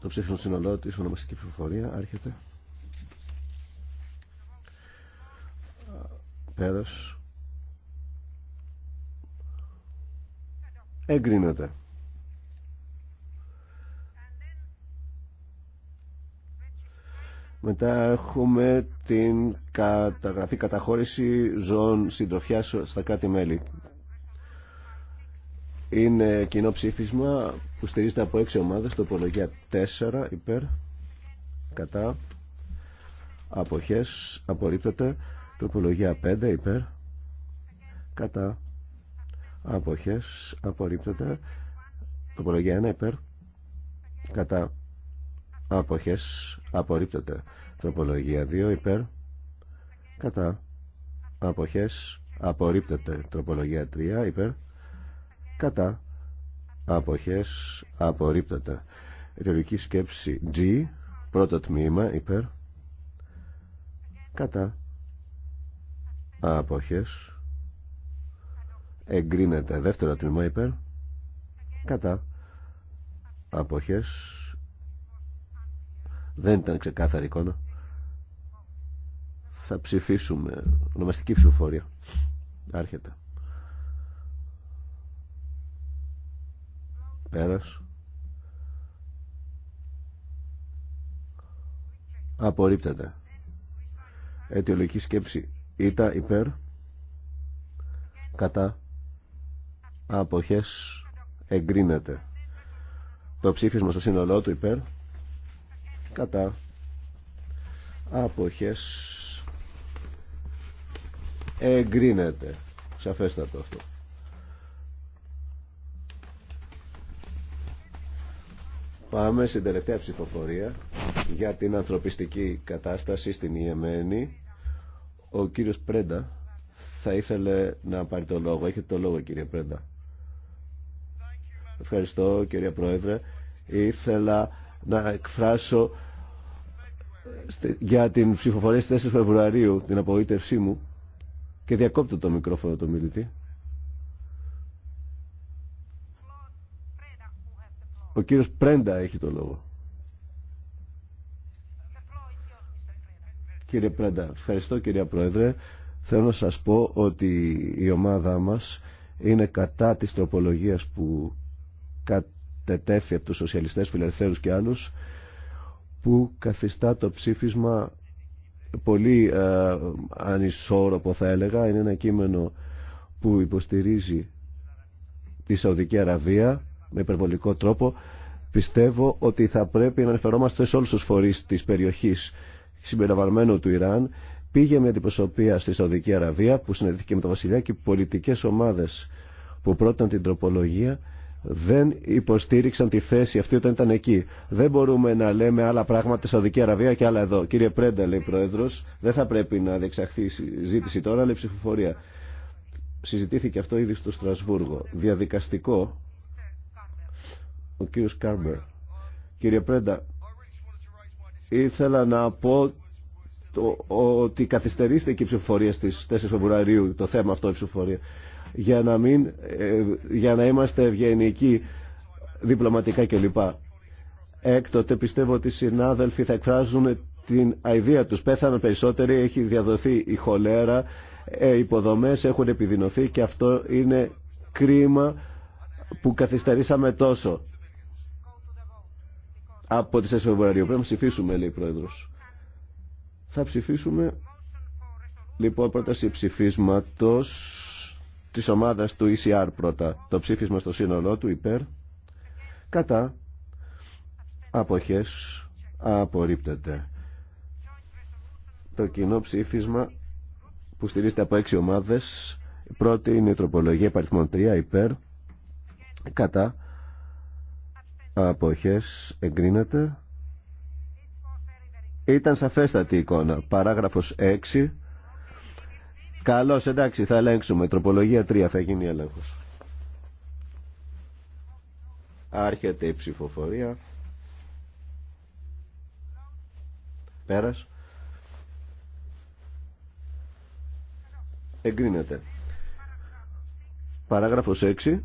Το ψήφινο συνολό τη ονομαστική πληροφορία άρχεται. Πέρας. Εγκρίνεται. Μετά έχουμε την καταγραφή καταχώρηση ζώων συντροφιά στα κάτι μέλη. Είναι κοινό ψήφισμα που στηρίζεται από έξι ομάδες, τοπολογία 4 υπέρ, κατά, αποχές, απορρίπτεται, τοπολογία 5 υπέρ, κατά, αποχές, απορρίπτεται, τοπολογία 1 υπέρ, κατά, Αποχές. Απορρίπτεται. Τροπολογία 2 υπέρ. Κατά. Αποχές. Απορρίπτεται. Τροπολογία 3 υπέρ. Κατά. Αποχές. Απορρίπτεται. Εταιρική σκέψη G. Πρώτο τμήμα υπέρ. Κατά. Αποχές. Εγκρίνεται. Δεύτερο τμήμα υπέρ. Κατά. Αποχές δεν ήταν ξεκάθαρη εικόνα. Θα ψηφίσουμε. Ονομαστική ψηφοφορία. Άρχεται. Πέρας. Απορρίπτεται. Αιτιολογική σκέψη. Ήτα υπέρ. Κατά. Αποχές. Εγκρίνεται. Το ψήφισμα στο σύνολό του υπέρ κατά αποχές εγκρίνεται σαφέστατο αυτό Πάμε στην τελευταία ψηφοφορία για την ανθρωπιστική κατάσταση στην Ιεμένη. Ο κύριος Πρέντα θα ήθελε να πάρει το λόγο. Έχετε το λόγο κύριε Πρέντα. Ευχαριστώ κύριε Πρόεδρε. Ήθελα να εκφράσω για την ψηφοφορία στις 4 Φεβρουαρίου, την απογοήτευσή μου, και διακόπτω το μικρόφωνο το μιλητή. Ο κύριος Πρέντα έχει το λόγο. Κύριε Πρέντα, ευχαριστώ κύριε Πρόεδρε. Θέλω να σας πω ότι η ομάδα μας είναι κατά της τροπολογίας που κατετέθη από τους σοσιαλιστές, φιλελευθέρους και άλλους που καθιστά το ψήφισμα πολύ ε, ανισόρροπο θα έλεγα. Είναι ένα κείμενο που υποστηρίζει τη Σαουδική Αραβία με υπερβολικό τρόπο. Πιστεύω ότι θα πρέπει να αναφερόμαστε σε όλους τους φορείς της περιοχής συμπεριλαμβανομένου του Ιράν. Πήγε με αντιπροσωπεία στη Σαουδική Αραβία που συναντήθηκε με τον Βασιλιά και πολιτικές ομάδες που πρότειναν την τροπολογία δεν υποστήριξαν τη θέση αυτή όταν ήταν εκεί. Δεν μπορούμε να λέμε άλλα πράγματα στη Σαουδική Αραβία και άλλα εδώ. Κύριε Πρέντα, λέει πρόεδρο, δεν θα πρέπει να διεξαχθεί η συζήτηση τώρα, αλλά η ψηφοφορία. Συζητήθηκε αυτό ήδη στο Στρασβούργο. Διαδικαστικό. Ο κύριος Κάρμπερ. Κύριε Πρέντα, ήθελα να πω το, ότι καθυστερήστε και η ψηφοφορία στις 4 Φεβρουαρίου, το θέμα αυτό η ψηφοφορία για να, ε, για να είμαστε ευγενικοί διπλωματικά κλπ. Έκτοτε πιστεύω ότι οι συνάδελφοι θα εκφράζουν την αηδία τους. Πέθαναν περισσότεροι, έχει διαδοθεί η χολέρα, ε, οι υποδομές έχουν επιδεινωθεί και αυτό είναι κρίμα που καθυστερήσαμε τόσο. Από τις 4 Φεβρουαρίου πρέπει να ψηφίσουμε, λέει η Πρόεδρος. Θα ψηφίσουμε, λοιπόν, πρόταση ψηφίσματος της ομάδας του ECR πρώτα. Το ψήφισμα στο σύνολό του υπέρ, κατά, αποχές, απορρίπτεται. Το κοινό ψήφισμα που στηρίζεται από έξι ομάδες, πρώτη είναι η τροπολογία παριθμών 3 υπέρ, κατά, αποχές, εγκρίνεται. Ήταν σαφέστατη η εικόνα. Παράγραφος 6 Καλώς, εντάξει, θα ελέγξουμε. Τροπολογία 3 θα γίνει έλεγχος. Άρχεται η ψηφοφορία. Πέρας. Εγκρίνεται. Παράγραφος 6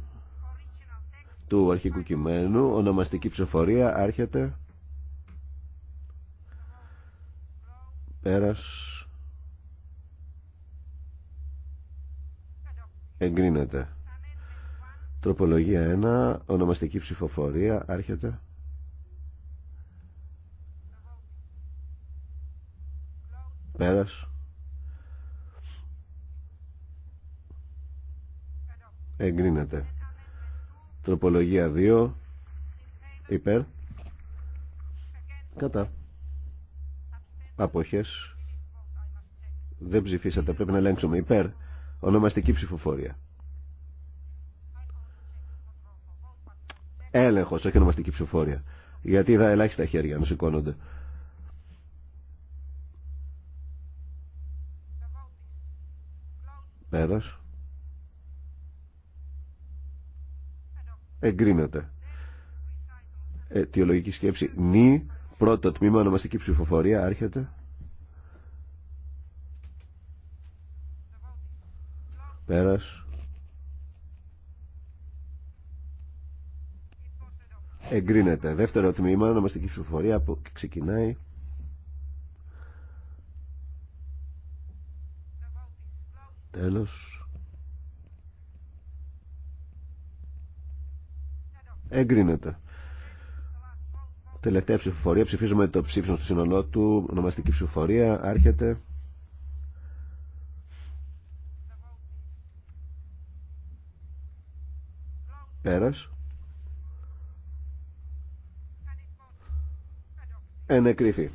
του αρχικού κειμένου, ονομαστική ψηφοφορία, άρχεται. Πέρας. εγκρίνεται. Τροπολογία 1, ονομαστική ψηφοφορία, άρχεται. Πέρας. Εγκρίνεται. Τροπολογία 2, υπέρ. Κατά. Αποχές. Δεν ψηφίσατε, πρέπει να ελέγξουμε υπέρ. Ονομαστική ψηφοφορία. Έλεγχος, όχι ονομαστική ψηφοφορία. Γιατί είδα ελάχιστα χέρια να σηκώνονται. Πέρα. Εγκρίνεται. Ε, αιτιολογική σκέψη. Νη. Πρώτο τμήμα ονομαστική ψηφοφορία. Άρχεται. Πέρας. Εγκρίνεται. Δεύτερο τμήμα, ονομαστική ψηφοφορία που ξεκινάει. Τέλος. Εγκρίνεται. Τελευταία ψηφοφορία. Ψηφίζουμε το ψήφισμα στο σύνολό του. Ονομαστική ψηφοφορία. Άρχεται. Πέρας. Ενεκριθεί.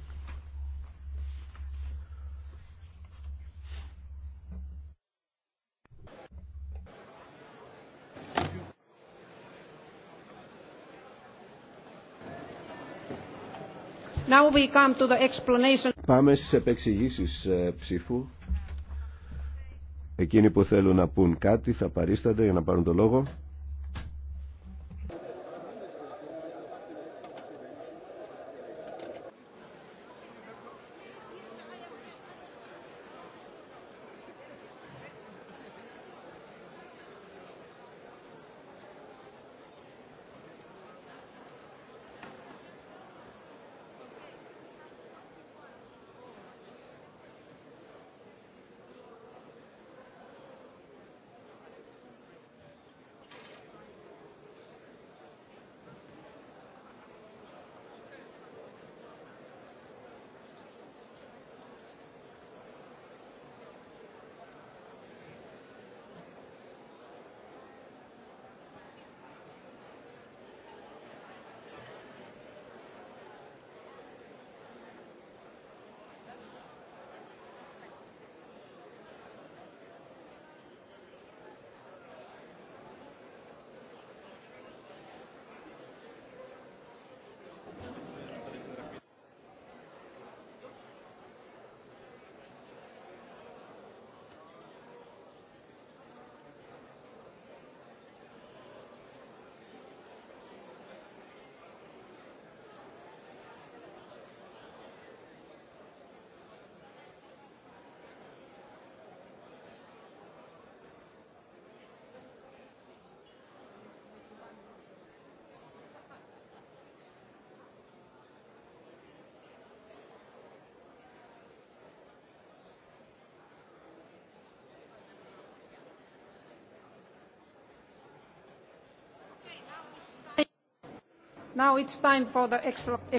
Now we come to the explanation. Πάμε στις επεξηγήσεις ε, ψήφου. Εκείνοι που θέλουν να πούν κάτι θα παρίστανται για να πάρουν το λόγο.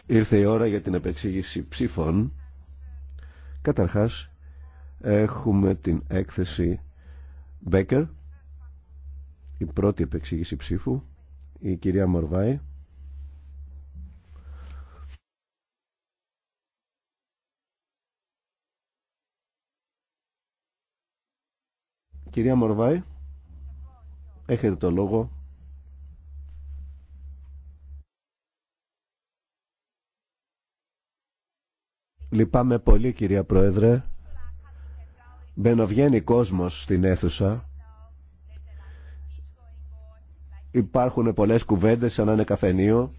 Ήρθε η ώρα για την επεξήγηση ψήφων. Καταρχάς, έχουμε την έκθεση Μπέκερ, η πρώτη επεξήγηση ψήφου, η κυρία Μορβάη. Κυρία Μορβάη, έχετε το λόγο. Λυπάμαι πολύ κυρία Πρόεδρε. Μπαινοβγαίνει κόσμος στην αίθουσα. Υπάρχουν πολλές κουβέντες σαν ένα καφενείο.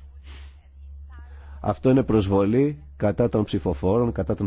Αυτό είναι προσβολή κατά των ψηφοφόρων, κατά των